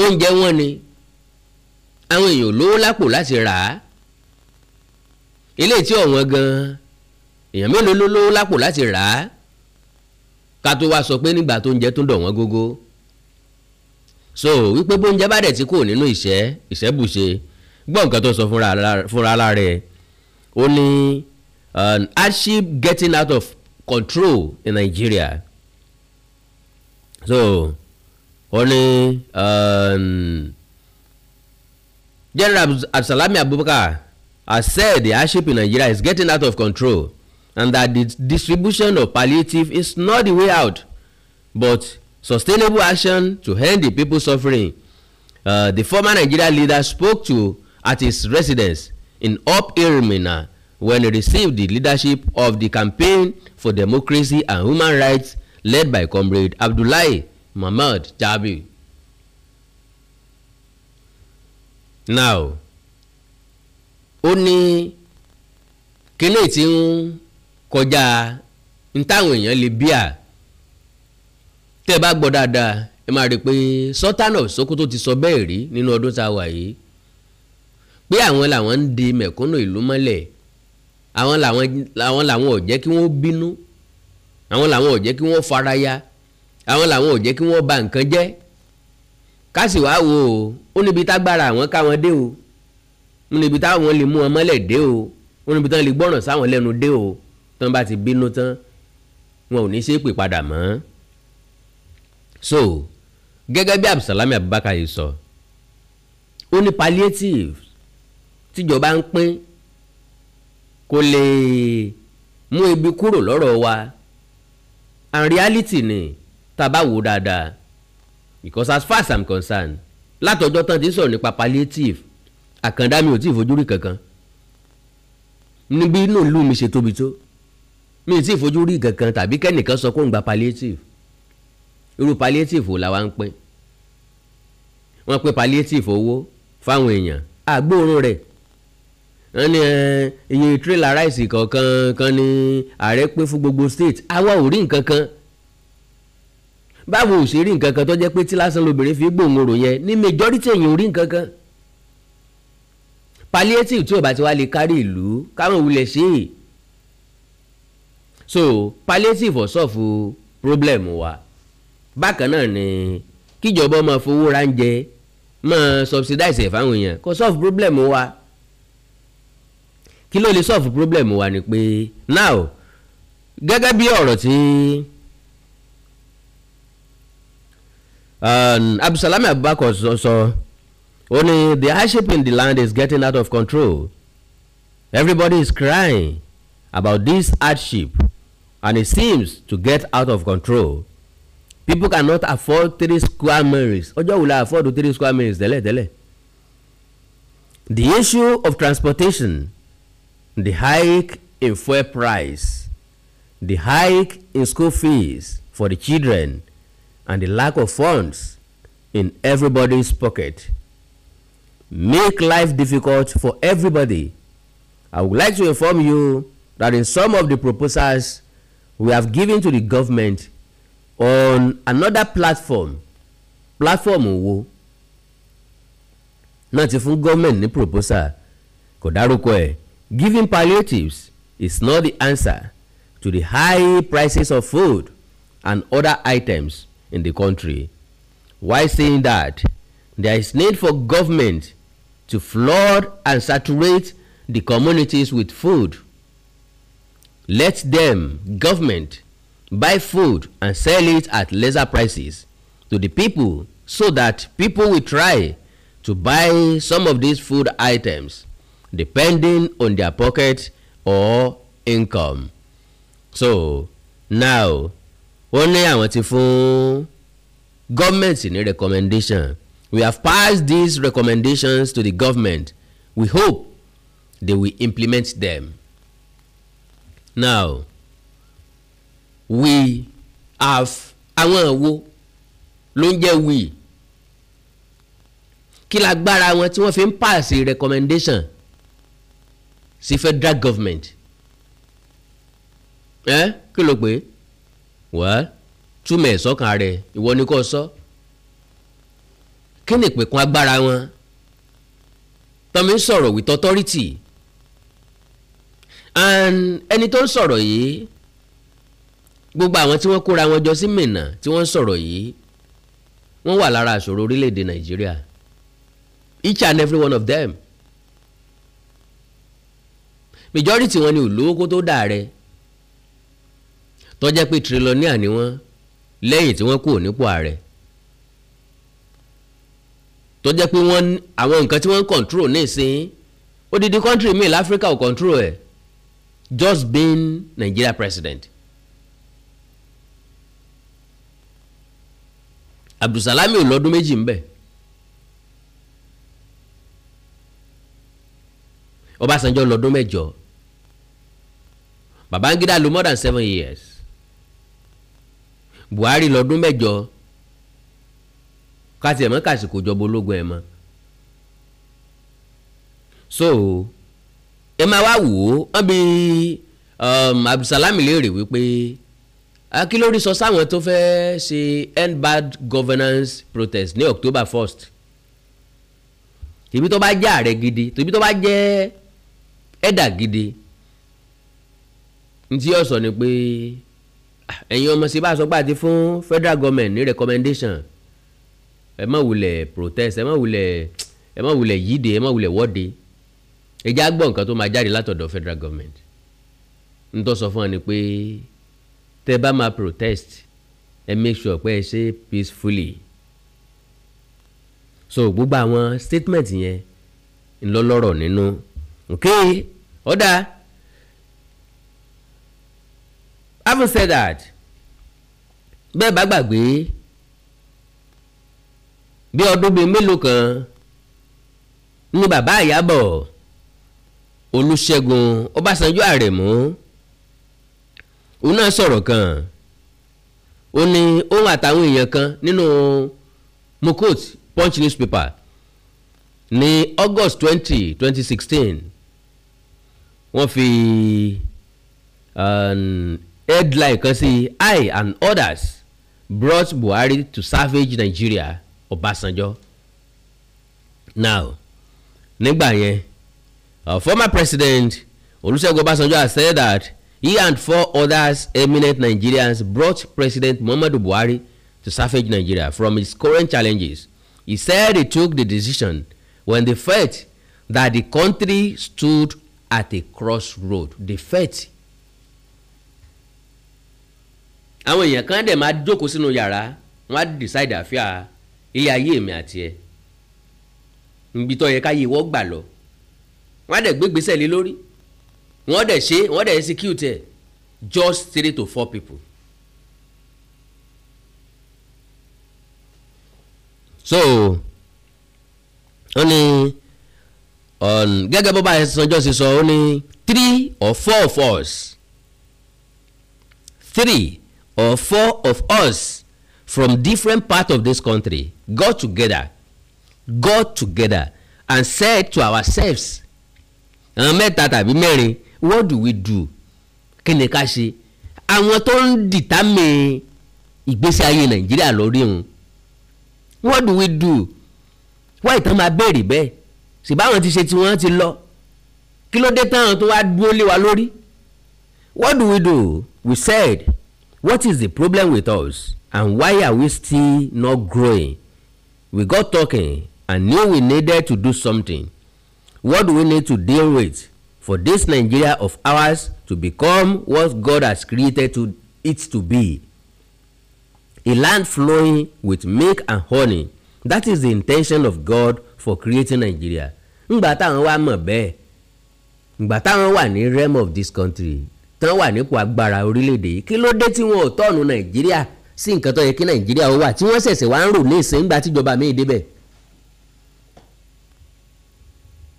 oúnjẹ wọn ni àwọn èèyàn lówó lápò láti rà á ilé tí ọ̀wọ́n gan èèyàn mélòó ló lówó lápò láti rà á ká tó wá sọ pé nígbà tó ń jẹ tó ń dọ̀ wọ́n gógó so wípé bóúnjẹ bá dẹ̀ tí kò nínú ìṣẹ́ ìṣẹ́bùṣe gbọ́ nǹkan tó sọ fúnra lára ẹ̀ ó ní um, hardship getting out of control in Nigeria so ó ní um, General Abdulsalami Abubakar has said the hardship in Nigeria is getting out of control and that the distribution of palliative is not the way out but sustainable action to end the people suffering. Uh, the former Nigerian leader spoke to at his residence in Up Irimina when he received the leadership of the campaign for democracy and human rights led by comrade Abdullahi Mahmoud Jabi. Now, ó ní kílè tí ń kọjá ntáwọn èèyàn lè bíà tẹ́ ẹ bá gbọ́ dáadáa ẹ máa rí i pé Sultan of Sokoto ti sọ bẹ́ẹ̀ rí nínú ọdún tá a wà yìí pé àwọn làwọn ń di mẹ̀kúnnù ìlú mọ́lẹ̀ àwọn làwọn làwọn ò jẹ́ kí wọ́n bínú àwọn làwọn ò jẹ́ kí wọ́n faraya àwọn làwọn ò jẹ́ kí wọ́n ba nǹkan jẹ́ kásì wo o ó níbi tágbára àwọn káwọn dé o ó níbi táwọn lè mú wọn mọ́lẹ̀ dé o níbi táwọn lè gbọ́ràn sáwọn lẹ́nu dé o tán bá ti bínú tán wọn ò ní ṣe é pè padà mọ́ so gẹ́gẹ́ bí Abdulsalami Abubakar yìí sọ ó ní palliative tíjọba ń pín kò lè mú ebi kúrò lọ́rọ̀ wa and reality ni tá a wò dáadáa because as far as i'm concerned látọjọ́ tán ti sọ̀rọ̀ nípa palliative àkàndá mi ò tí ì fojú rí kankan níbi inú ìlú mi ṣe tóbi tó. Bito mi ì tí ì fojú rí kankan tàbí kẹ́nìkan sọ kó ń gba palliative irú palliative ò làwa ń pín wọ́n pín palliative owó fáwọn èèyàn àgbóòrùn rẹ̀ wọ́n ní iye tírélà ráìsì kọ̀ọ̀kan kan ní ààrẹ pín fún gbogbo state àwa ò rí nǹkan kan báwo ò ṣe rí nǹkan kan tó jẹ́ pé tí lásán lobìnrin fi gbòǹgòrò yẹn ní majority èèyàn ò rí nǹkan kan palliative tí ò bá ti wá lè kárí ìlú káwọn òwúlẹ̀ ṣe é so palliative for solve problem wa bákan náà ni kíjọba máa fowó ránjẹ máa subsidize ẹ̀ fáwọn èèyàn kò solve problem wa kí ló lè solve problem wa ni pé now gẹ́gẹ́ bí ọ̀rọ̀ tí um, Abubakar sọ sọ ó ní the hardship in the land is getting out of control everybody is crying about this hardship and it seems to get out of control people cannot afford three square meals. ọjọ́ wo afford three square miles tẹ́lẹ̀tẹ́lẹ̀ the issue of transportation the hike in fuel price the hike in school fees for the children and the lack of funds in everybody's pocket make life difficult for everybody. I would like to inform you that in some of the proposals we have given to the government on another platform platform wo not ti fún government ní proposal kò dárúkọ ẹ̀ giving palliatives is not the answer to the high prices of food and other items in the country Why saying that there is need for government to flood and saturate the communities with food let them, government, buy food and sell it at lesser prices to the people so that people will try to buy some of these food items depending on their pocket or income. So now wọ́n ní àwọn ti fún gọ́ọ̀mẹ̀ntì ní recommendation. We have passed these recommendations to the government. We hope they will implement them. now we have àwọn wo ló ń jẹ́ we kí lágbára wọn tí wọ́n fi ń pass recommendation sí federal government ẹ kí ló pé wá túmọ̀ ẹ̀ sọ́kàn rẹ̀ ìwọ ni kò sọ kí ni ìpẹ̀kun agbára wọn tọ́mi sọ̀rọ̀ with authority ẹni tó ń sọ̀rọ̀ yìí gbogbo àwọn tí wọ́n kóra wọn jọ sí Mínà tí wọ́n ń sọ̀rọ̀ yìí wọ́n wà lára àṣòro orílẹ̀-èdè Nàìjíríà each and every one of them majority wọn ni olówó kó tó dà rẹ tó pé trillionaire ni wọ́n lẹ́yìn tí wọ́n kúrò nípò ààrẹ tó jẹ́ pé wọ́n àwọn nǹkan tí wọ́n ń control ní ìsín odidi country míì láfíríkà ò control ẹ̀. E just being Nigeria president. Abdulsalami ò lọ́dún méjì ń bẹ̀. Ọbásanjọ́ lọ́dún mẹ́jọ. Babangida lò more than seven years. Buhari lọ́dún mẹ́jọ. Kásìẹ̀mọ́ kàsìkò jọba ológun ẹ̀ mọ́. So ẹ máa wá wò ó wọ́n bi um, Abdulsalam léèrè wípé akílórí sọ sáwọn tó fẹ́ ṣe end bad governance protest ní October first. st tèmi tó bá jẹ́ ààrẹ gidi tèmi tó bá jẹ́ ẹ̀dà gidi ntí yóò sọ ni pé ah, ẹ̀yin ọmọ sí bá a sọ pé àti fún federal government ní recommendation ẹ má wulẹ̀ protest ẹ má wulẹ̀ ẹ má wulẹ̀ yíde ẹ má wulẹ̀ wọ́de ẹjẹ́ á gbọ́ nǹkan tó máa jáde látọ̀dọ̀ federal government ń tọ́ sọ fún ọ ni pé tẹ́ bá máa protest ẹ make sure pé ẹ ṣe peacefully so gbogbo àwọn statement yẹn ńlọlọ́rọ̀ nínú ok ọ̀dà having said that bẹ́ẹ̀ bá gbàgbé bí ọdún bíi mélòó kan ní bàbá Ìyábọ̀ olúṣẹ́gun ọbásanjọ́ àrẹ̀mú òun náà sọ̀rọ̀ kan ó ní òun àtàwọn èèyàn kan nínú mokot punch newspaper ní august twenty twenty sixteen wọ́n fi um, headline kan sí i and others brought buhari to savage nigeria ọbásanjọ́ now nígbà yẹn Uh, former President Olusegun Obasanjo has said that he and four others eminent Nigerians brought President Muhammadu Buhari to salvage Nigeria from its current challenges. He said he took the decision when they felt that the country stood at a crossroad. They felt. àwọn èèyàn kan dẹ̀ máa jókòó sínú yàrá wọ́n á decide àfíà ilé ayé mi àti ẹ̀ nbí tó yẹ ká yẹ gbà lọ wọ́n á dẹ̀ gbégbèsè lé lórí wọ́n dẹ̀ ṣe wọ́n dẹ̀ execute ẹ̀ just three to four people. so ó ní gẹ́gẹ́ bó bá ẹ̀sánjọ́ ṣe sọ ó ní three or four of us three or four of us from different parts of this country got together got together and said to ourselves àwọn mẹ́ta tàbí mẹ́rin what do we do kí ni ká ṣe àwọn tó ń dìtámì ìgbésí ayé nàìjíríà lórí wọn what do we do wá ìtàn máa béèrè bẹ́ẹ̀ ṣèbáwọn ti ṣe tí wọ́n ti lọ kí ló dé táwọn tó wá dúró lé wa lórí what do we do we said what is the problem with us and why are we still not growing we got talking and knew we needed to do something What do we need to deal with for this Nigeria of ours to become what God has created to, it to be? A land flowing with milk and honey. That is the intention of God for creating Nigeria. ngbà táwọn wá mọ̀ bẹ́ẹ̀ ngbà táwọn wà ní realm of this country tán wà nípò agbára orílẹ̀-èdè yìí kí ló dé tí wọn ò tọ́nu Nàìjíríà sí nǹkan tó yẹ kí Nàìjíríà ó wà tí wọ́n ṣẹ̀ṣẹ̀ wá ń rò ní ìsìn ńgbà tíjọba míì débẹ̀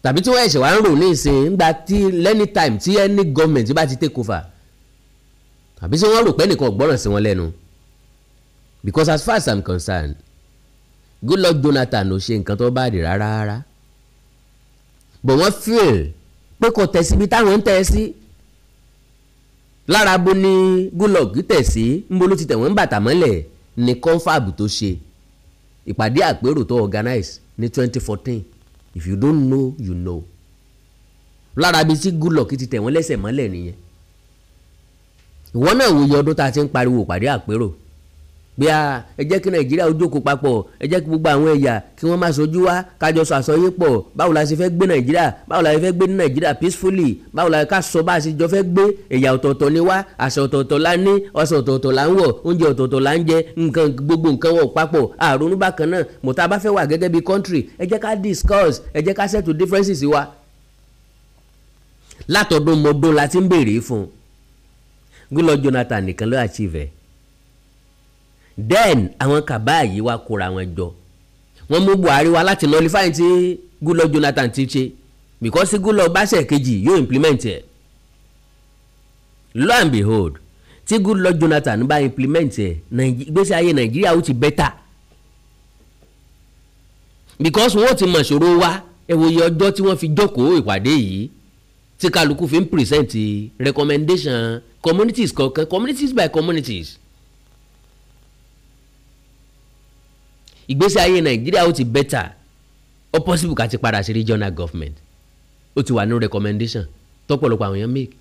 tàbí tí wọ́n ẹ̀ṣẹ̀ wá ń rò ní ìsìn ńgbà tí lẹ́ni time tí ẹni gọ́ọ̀mẹ̀ntì bá ti take over tàbí tí wọ́n rò pé nìkan gbọ́ràn sí wọn lẹ́nu because as far as i'm concerned Goodluck Jonathan ò ṣe nǹkan tó bá dì rárá rárá but wọ́n feel pé kò tẹ̀ síbi táwọn ń tẹ̀ sí lára bo ni Goodluck tẹ̀ sí ńbo ló ti tẹ̀ wọ́n ń bàtà mọ́lẹ̀ ní confab tó ṣe ìpàdé àpérò tó organize ní 2014 if you don't know you know lára bíi tí goodluck ti tẹ̀ wọ́n lẹ́sẹ̀ mọ́lẹ̀ nìyẹn ìwọ náà wòye ọdún tá a ti ń pariwo ìpàdé àpérò bí a ẹ jẹ́ kí nàìjíríà ó jókòó papọ̀ ẹ jẹ́ kí gbogbo àwọn ẹ̀yà kí wọ́n má sojú wá kájọ sọ àsọyé pọ̀ báwo la ṣe fẹ́ gbé nàìjíríà báwo la ṣe fẹ́ gbé ní nàìjíríà peacefully báwo la ká sọ bá a ṣe jọ fẹ́ gbé ẹ̀yà ọ̀tọ̀ọ̀tọ̀ ni wá àṣà ọ̀tọ̀ọ̀tọ̀ la ní ọ̀sán ọ̀tọ̀ọ̀tọ̀ la ń wọ̀ oúnjẹ ọ̀tọ̀ọ̀tọ̀ la ń jẹ nǹkan gbogbo nǹkan wọ̀ papọ̀ àrònú bákan náà mọ̀tá country ẹ discuss ẹ jẹ́ differences wa látọdún mọdún la ti ń béèrè Jonathan nìkan ló achieve then àwọn kaba yìí wá kóra wọn jọ wọ́n mú Buhari wá láti nullify tí Goodluck Jonathan ti ṣe because Goodluck bá ṣe kejì yóò implement ẹ̀ lo and behold tí Goodluck Jonathan bá implement ẹ̀ ìgbésí ayé Nàìjíríà ó ti better because wọ́n ti mọ̀ ṣòro wa ẹ wòye ọjọ́ tí wọ́n fi jókòó ìpàdé yìí tí kálukú fi ń present recommendation communities kọ̀ọ̀kan communities by communities ìgbésí ayé nàìjíríà ó ti better ó possible ká ti padà sí regional government ó ti wà ní recommendation tọ́pọ̀lọpọ̀ àwọn èèyàn make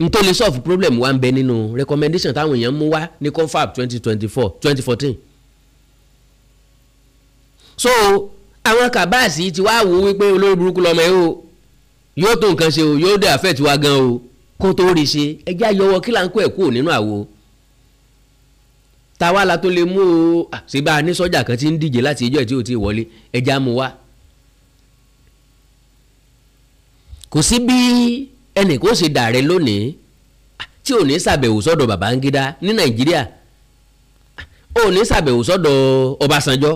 n tó lè solve problem wa ń bẹ nínú recommendation táwọn èèyàn mú wá ní confab twenty twenty four twenty fourteen so àwọn kàbáàsì ti wá wò wípé olórí burúkú lọmọ yìí o yóò tó nǹkan ṣe o yóò dé àfẹ́ tiwa gan o kó tó rí ṣe ẹjẹ́ àyọwọ́ kí là ń kó ẹ̀ kúrò nínú àwo táwa la tó lè mú o ṣé bá a ní sọ́jà kan ti ń díje láti ìjọ́ tí o ti wọlé ẹja mu wá. kò sí bí ẹnì kó ṣe dàrẹ lónìí tí ò ní ṣàbẹ̀wò sọ́dọ̀ Babangida ní Nàìjíríà ò ní ṣàbẹ̀wò sọ́dọ̀ Ọbásanjọ́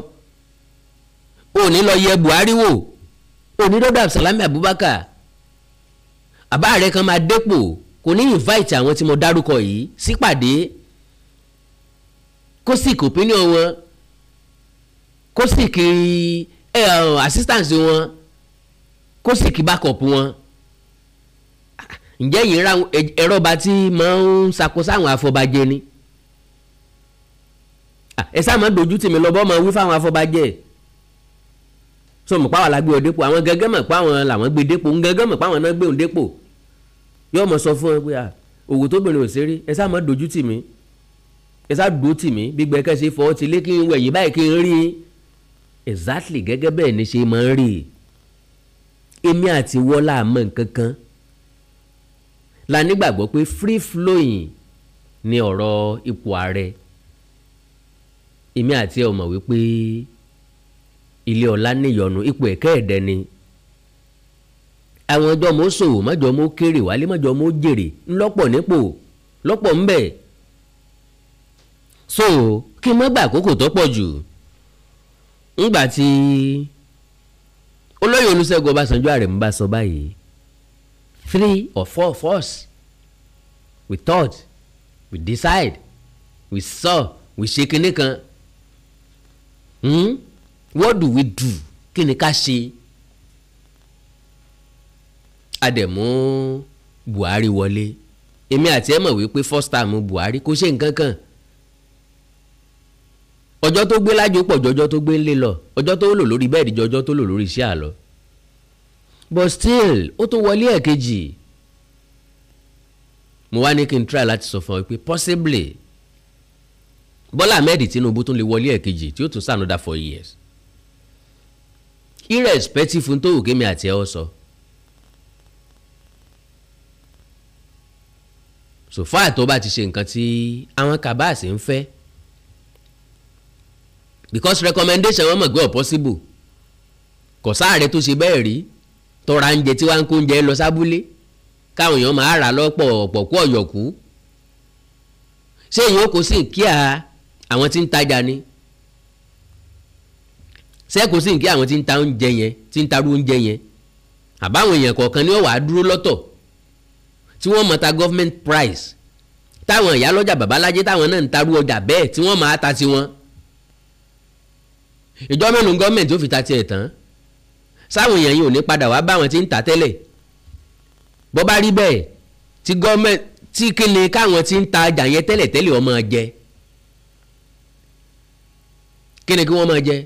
ò ní lọ yẹ Buhari wò ò ní dọ́dọ̀ Absalami Abubakar àbá rẹ kan máa dépò kò ní invite àwọn tí mo dárúkọ yìí sípàdé. Si kó seek opinion wọn kó seek eh, assistance wọn kó seek backup wọn ǹjẹ́ yìí ra ẹ̀rọ ọba tí máa ń ṣàkóso àwọn afọbajẹ ni ah, ẹ sáà máa dojú tèmi lọ́bọ́ máa wí fáwọn afọbajẹ so mọ̀ pàwọn la gbé ọ dépò àwọn gẹ́gẹ́ mọ̀ pàwọn làwọn gbé dépò ń gẹ́gẹ́ mọ̀ pàwọn náà gbé òun dépò yóò mọ̀ sọ fún ẹ pé owó tó bẹ̀rẹ̀ òṣèré ẹ sáà máa dojú tèmi ẹ sá dùn tì mí gbígbẹ kẹsì fọwọ́ ti lé kí n wẹ̀yìn báyìí kí n rí i exactly gẹ́gẹ́ bẹ́ẹ̀ ni ṣe máa ń rí i èmi àti wọ́lá àmọ́ nǹkan la nígbàgbọ́ pé free flowing ni ọ̀rọ̀ ipò ààrẹ èmi àti ọmọ wípé ilé ọlá níyọnu ipò ẹ̀kẹ́ ẹ̀dẹ ni àwọn ọjọ́ mo sòwò mọ́jọ́ mo kéré wálé mọ́jọ́ mo jèrè ńlọ́pọ̀ nípò lọ́pọ̀ ńbẹ̀ so kí n má gba àkókò tó pọ̀ jù ńgbà tí olóyè olúṣẹ́gun ọbásanjọ́ àrẹ̀mú bá sọ báyìí three or four of us we thought we decide we saw we ṣe kinní kan hmm? what do we do kí ni ká ṣe àdẹ̀mú buhari wọlé èmi àti ẹ̀ mọ̀ wípé first time buhari kò ṣe nǹkan kan. kan ọjọ́ tó gbé lájò pọ̀ jọjọ́ tó gbé ńlé lọ ọjọ́ tó lò lórí bẹ́ẹ̀dì jọjọ́ tó lò lórí iṣẹ́ àlọ́ but still ó tó wọlé ẹ̀kejì mo wá ní kí n try láti sọ fún ọ pé possibly Bọ́lá Ahmed Tinubu tún lè wọlé ẹ̀kejì tí ó tún sànúdà for years irrespective n tó wù kémi àti ẹ ọ sọ so far tó bá ti ṣe nǹkan tí àwọn kàbáàsì ń fẹ́ because recommendation wọn mọ̀ gbé ọ̀ possible kò sáàrẹ tó ṣe bẹ́ẹ̀ rí tọ́ra ń jẹ tí wọ́n ń kó oúnjẹ lọ sábúlé káwọn èèyàn máa rà lọ́pọ̀ ọ̀pọ̀ kú ọ̀yọ̀kú ṣé èèyàn kò sí kíá àwọn tí ń tajà ni ṣé kò sí kíá àwọn tí ń ta oúnjẹ yẹn tí ń tarú oúnjẹ yẹn àbáwọn èèyàn kọ̀ọ̀kan ni wọ́n wàá dúró lọ́tọ̀ tí wọ́n mọ̀ ta government price táwọn ìyálọ́jà babalájẹ́ táwọn náà ń tarú ọjà bẹ́ẹ̀ tí wọ́n máa ta tiwọn ìjọ mẹ́nu gọ́ọ̀mẹ̀ntì ó fi ta tiẹ̀ tán sáwọn èèyàn yìí ò ní padà wá báwọn ti ń ta tẹ́lẹ̀ bó bá rí bẹ́ẹ̀ tí gọ́ọ̀mẹ̀ntì tí kíni káwọn ti ń ta ọjà yẹn tẹ́lẹ̀ tẹ́lẹ̀ ó máa jẹ kíni kí wọ́n máa jẹ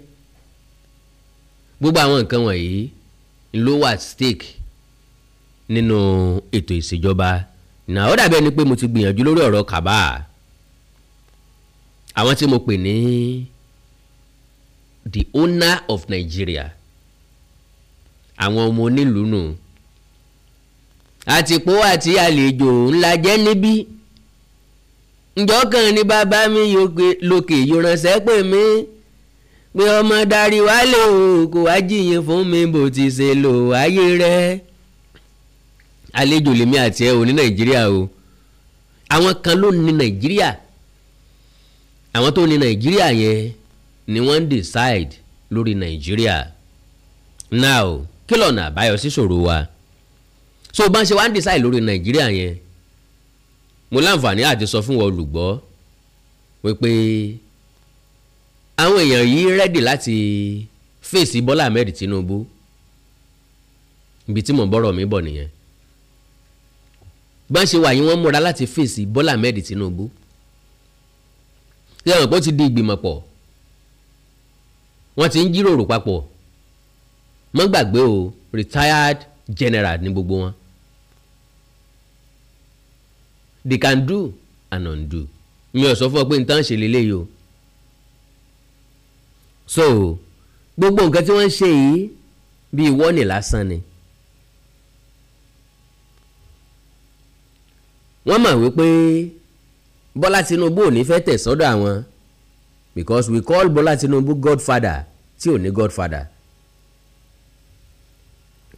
gbogbo àwọn nǹkan wọ̀nyí ló wà stake nínú ètò ìṣèjọba náà ó dàbí ẹni pé mo ti gbìyànjú lórí ọ̀rọ̀ kàbá àwọn tí mo pè ní. Ni the owner of Nigeria àwọn ọmọ onílùú nù àtìpó àti àlejò ńlá jẹ́ níbí ǹjọ́ kan ni bàbá mi lókè yorànṣẹ́ pè mí pé ọmọ darí wálé o kò wá jiyàn fún mi bó ti ṣe lò ayé rẹ àlejò lèmi àti ẹ ò ní nàìjíríà o àwọn kan ló ní nàìjíríà àwọn tó ní nàìjíríà yẹn ni wọ́n ń decide lórí nàìjíríà now kí lọ́nà àbáyọ sí ṣòro wa so bá ń ṣe wá ń decide lórí nàìjíríà yẹn mo láǹfààní àti sọ fún wọn olùgbọ́ wípé àwọn èèyàn yìí rẹ́dì láti fèsì Bọ́lá Ahmed Tinubu ibi tí mo bọ́rọ̀ mi bọ̀ nìyẹn bá ń ṣe wà yín wọ́n múra láti fèsì Bọ́lá Ahmed Tinubu ṣé àwọn ìpò ti di ìgbìmọ̀ pọ̀ wọ́n ti ń jíròrò papọ̀ mọ́ gbàgbé o retired general ní gbogbo wọn they can do and undo mi ò sọ fún ọ pé nǹkan ṣe lélẹ́yìí o so gbogbo nǹkan tí wọ́n ń ṣe yìí bíi wọ́ọ̀nì lásán ni wọ́n mọ̀ wípé Bọ́lá Tinubu ò ní fẹ́ tẹ̀ sọ́dọ̀ àwọn because we call Bola Tinubu godfather tí ò ní godfather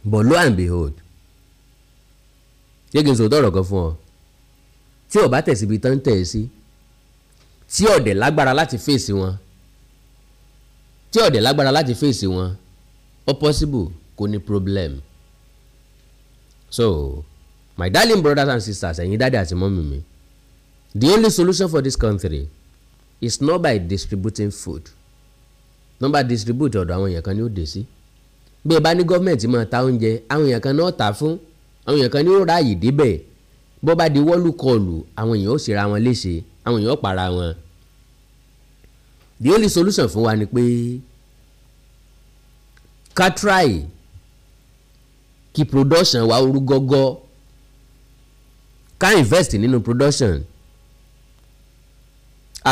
but lo and behold ṣé kí n sòótọ́ ọ̀rọ̀ kan fún ọ tí o bá tẹ̀síbi tán tẹ̀ ẹ́ sí tí ọ̀dẹ̀ lágbára láti fèsì wọn tí ọ̀dẹ̀ lágbára láti fèsì wọn ó possible kò ní problem so my darling brothers and sisters ẹ̀yin dáadé àti mọ́mì mi the only solution for this country it's not by distributing food Number by distribute ọ̀dọ̀ àwọn èèyàn kan ni ó dé sí bí ẹ bá ní gọ́ọ̀mẹ̀ntì máa ta oúnjẹ àwọn èèyàn kan náà tà fún àwọn èèyàn kan ni ó ráàyè débẹ̀ bó bá di wọ́ọ̀lù kọlù àwọn èèyàn ó ṣera wọn léṣe àwọn èèyàn ó para wọn the only solution fún wa ni pé ká try kí production wa orú gọ́gọ́ ká invest nínú production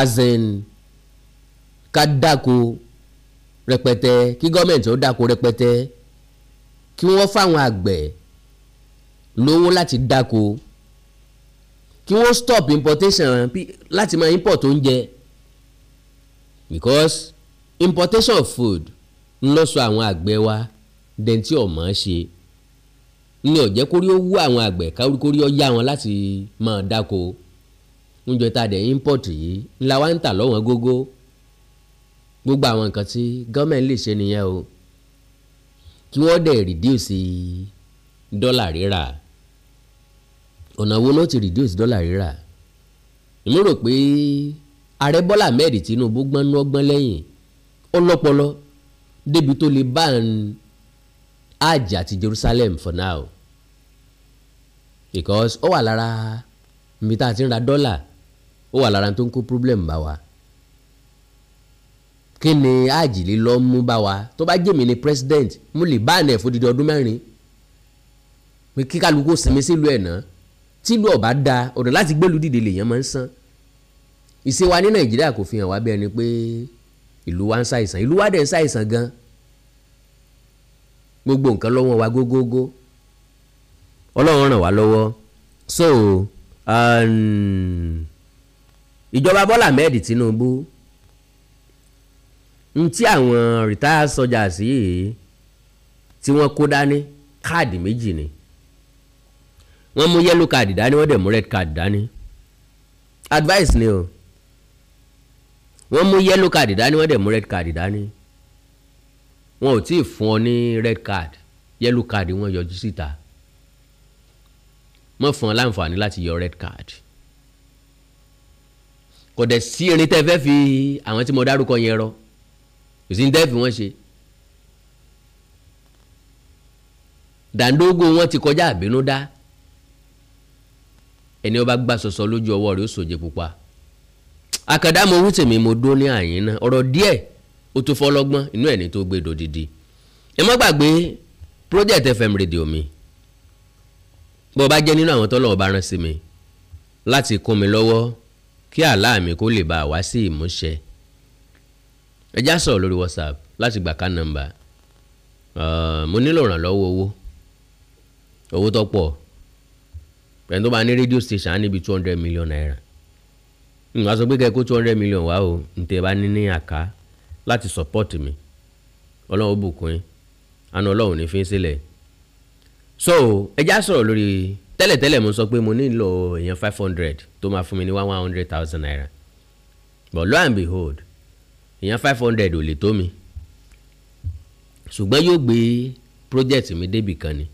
as in ká dáko rẹpẹtẹ kí gọ́ọ̀mẹ̀ntì ó dáko rẹpẹtẹ kí wọ́n fáwọn àgbẹ̀ lówó láti dáko kí wọ́n stop importation láti máa import oúnjẹ because importation of food ń lọ sọ àwọn àgbẹ̀ wa dẹ́ntì ọ̀mọ́ ṣe ní ọ̀jẹ́ kórí ó wú àwọn àgbẹ̀ kárí kórí ó yá wọn láti máa dáko oúnjẹ tá a dẹ̀ import yìí ńlá wa ń tà lọ́wọ́n gógó gbogbo àwọn nǹkan tí gọ́ọ̀mẹ̀ntì lè ṣe nìyẹn o kí wọ́n dẹ̀ reduce dọ́là rírà ọ̀nà wo náà ti reduce dọ́là rírà èmi rò pé ààrẹ Bọ́lá Ahmed Tinubu gbọ́nú ọgbọ́n lẹ́yìn ó débi tó lè bá ń àjà ti Jerusalem for now because ó wà lára ibi tá a ti ń ra dọ́là ó wà lára tó ń kó problem bá wa kí ni àjìlí lọ mú bá wa tó bá jèmi ni president mo lè bá àná fódìdí ọdún mẹ́rin pé kí kálukú sinmi sílùú ẹ̀ náà tílùú ọ̀bá da ọ̀nà láti gbẹ́lu dìde lèèyàn máa ń san ìṣe wa ní nàìjíríà kò fi hàn wá bí ẹni pé ìlú wa ń ṣàìsàn ìlú wa dẹ̀ ń ṣàìsàn gan gbogbo nǹkan lọ́wọ́ wa gógógó ọlọ́run ràn wá lọ́wọ́ so um, ìjọba Bọ́lá Ahmed Tinubu n tí àwọn retired soldiers yìí tí wọ́n kó dání káàdì méjì ni wọ́n mú yellow card dání wọ́n dẹ̀ mú red card dání advice ni o wọ́n mú yellow card dání wọ́n dẹ̀ mú red card dání wọn ò tí ì fún ọ ní red card yellow card wọ́n yọjú síta wọ́n fún ọ láǹfààní láti yọ red card kò dẹ̀ sí irin tẹ́ fẹ́ fi àwọn tí mo dárúkọ yẹn rọ kò sí ní tẹ́ fi wọ́n ṣe dàńdógó wọn ti kọjá àbínú dá ẹni ọba gbà sọsọ lójú ọwọ́ rẹ̀ ó sòjè pupa àkàndá mo wí tèmi mo dó ní àyín náà ọ̀rọ̀ díẹ̀ ó tó fọlọ́gbọ́n inú ẹni tó gbé dòdìdì ẹ má gbàgbé project fm radio mi bó o bá jẹ́ nínú àwọn tọ́lọ́wọ́ bá rán sí mi láti kún mi lọ́wọ́ kí àláàmì kó lè bá a wá sí ìmúṣẹ ẹ lórí whatsapp láti gbà ká nọ́mbà mo nílò ìrànlọ́wọ́ owó owó tó pọ̀ ẹni tó bá ní rédíò station á níbi two hundred million naira nǹkan sọ pé two hundred million wá o ntẹ̀ bá ní ní support mi ọlọ́run bùkún ẹ̀ àna ọlọ́run ní fi ń sílẹ̀ so tẹ́lẹ̀tẹ́lẹ̀ mo sọ pé mo nílò èèyàn five hundred tó máa fún mi ní one one hundred thousand naira but lo and behold èèyàn five hundred ò lè tó mi ṣùgbọ́n yóò gbé project mi débì kan ni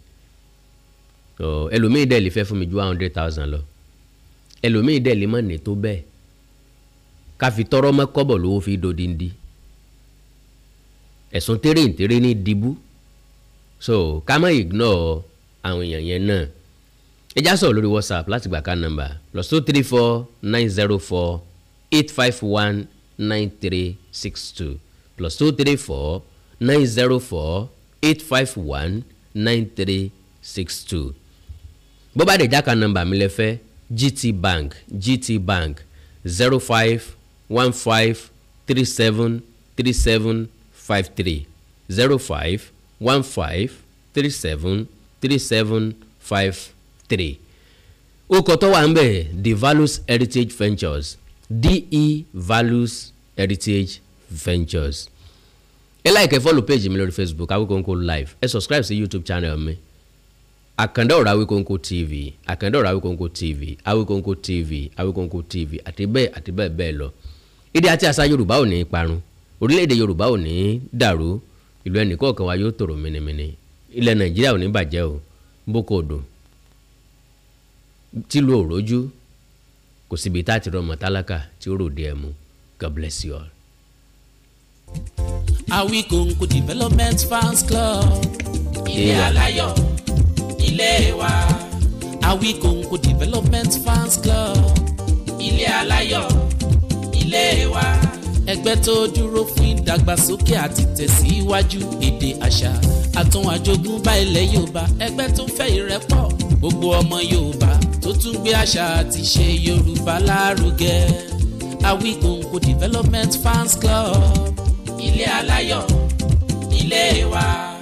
ẹlòmíì dẹ̀ lè fẹ́ fún mi ju one hundred thousand lọ ẹlòmíì dẹ̀ lè má ní tó bẹ́ẹ̀ ká fi tọrọ mọ́ kọ́bọ̀ lówó fi dodindi ẹ̀sùn tẹ́rẹ̀ǹtẹ́rẹ́ ní dìbú so ká má ignore àwọn èèyàn yẹn náà ẹ já sọ̀rọ̀ lórí whatsapp láti gbà ká nọ́mbà plus two three four nine zero four eight five one nine three six two plus two three four nine zero four eight five one nine three six two bó bá dé jáka nọ́mbà mi lẹ́fẹ́ gt bank gt bank zero five one five three seven three seven five three zero five one five three seven three seven five three orúkọ tó wà ń bẹ̀ the values heritage ventures de values heritage ventures ẹ láìka ẹ fọ́lù péjì mi lórí facebook awíkóńkó live ẹ subscribe sí youtube channel mi àkàndá ọ̀rọ̀ awíkóńkó tv àkàndá ọ̀rọ̀ awíkóńkó tv awíkóńkó tv awíkóńkó tv àti bẹ́ẹ̀ àti bẹ́ẹ̀ bẹ́ẹ̀ lọ èdè àti àṣà yorùbá ò ní í parun orílẹ̀-èdè yorùbá ò ní í dàrú ìlú ẹnìkọ̀ọ̀kan wa yóò tòrò mìnìmìnì ilẹ̀ nàìjíríà ò ní bàjẹ́ o boko odò tílu òrojú kò síbi tá rọmọ tálákà tí ó ròde ẹ mu God bless you all. Awikonko Development Fans Club ilé aláyọ̀ ilé wa. Awikonko Development Fans Club ilé aláyọ̀ ilé wa. ẹgbẹ́ tó dúró fún ìdàgbàsókè àti tẹ̀síwájú èdè àṣà àtún àjogúnbá ilẹ̀ Yorùbá ẹgbẹ́ tó fẹ́ ìrẹ́pọ̀ gbogbo ọmọ Yorùbá tó tún gbé àṣà àti ṣe Yorùbá lárugẹ Awikonko Development Fans Club ilé aláyọ̀ ilé wa.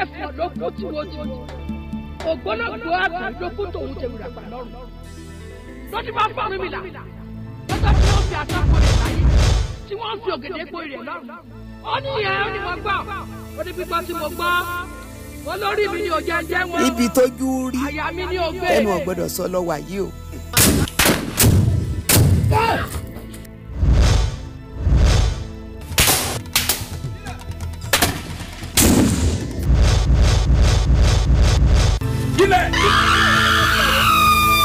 ẹ̀fọ́ ló kú tí wo ti wò ògbólógbòó àgbà ló kú tòun tèmi rà pa lọ́rùn lọ́dí bá fọ́ọ̀rù mi là lọ́tọ́ tí wọ́n fi àtàkùn rẹ̀ láyé tí wọ́n fi ògèdè pò rẹ̀ lọ́rùn ó ní ẹ̀ ó ní mo gbọ́ ó ní pípa tí mo gbọ́ wọn lórí mi ni ò jẹ́ wọn ibi tójú rí ẹnu ò sọ lọ́wọ́ yìí o. sílẹ̀.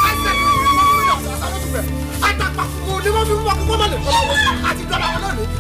ẹsẹ̀ ìgbìmọ̀ lórí ọ̀sán àtàkùn rẹ̀ àtàkùn kò ní wọ́n fi mú ọkùnrin kó má lè fọlọ́wọ́ àti dọ́là wọn lónìí.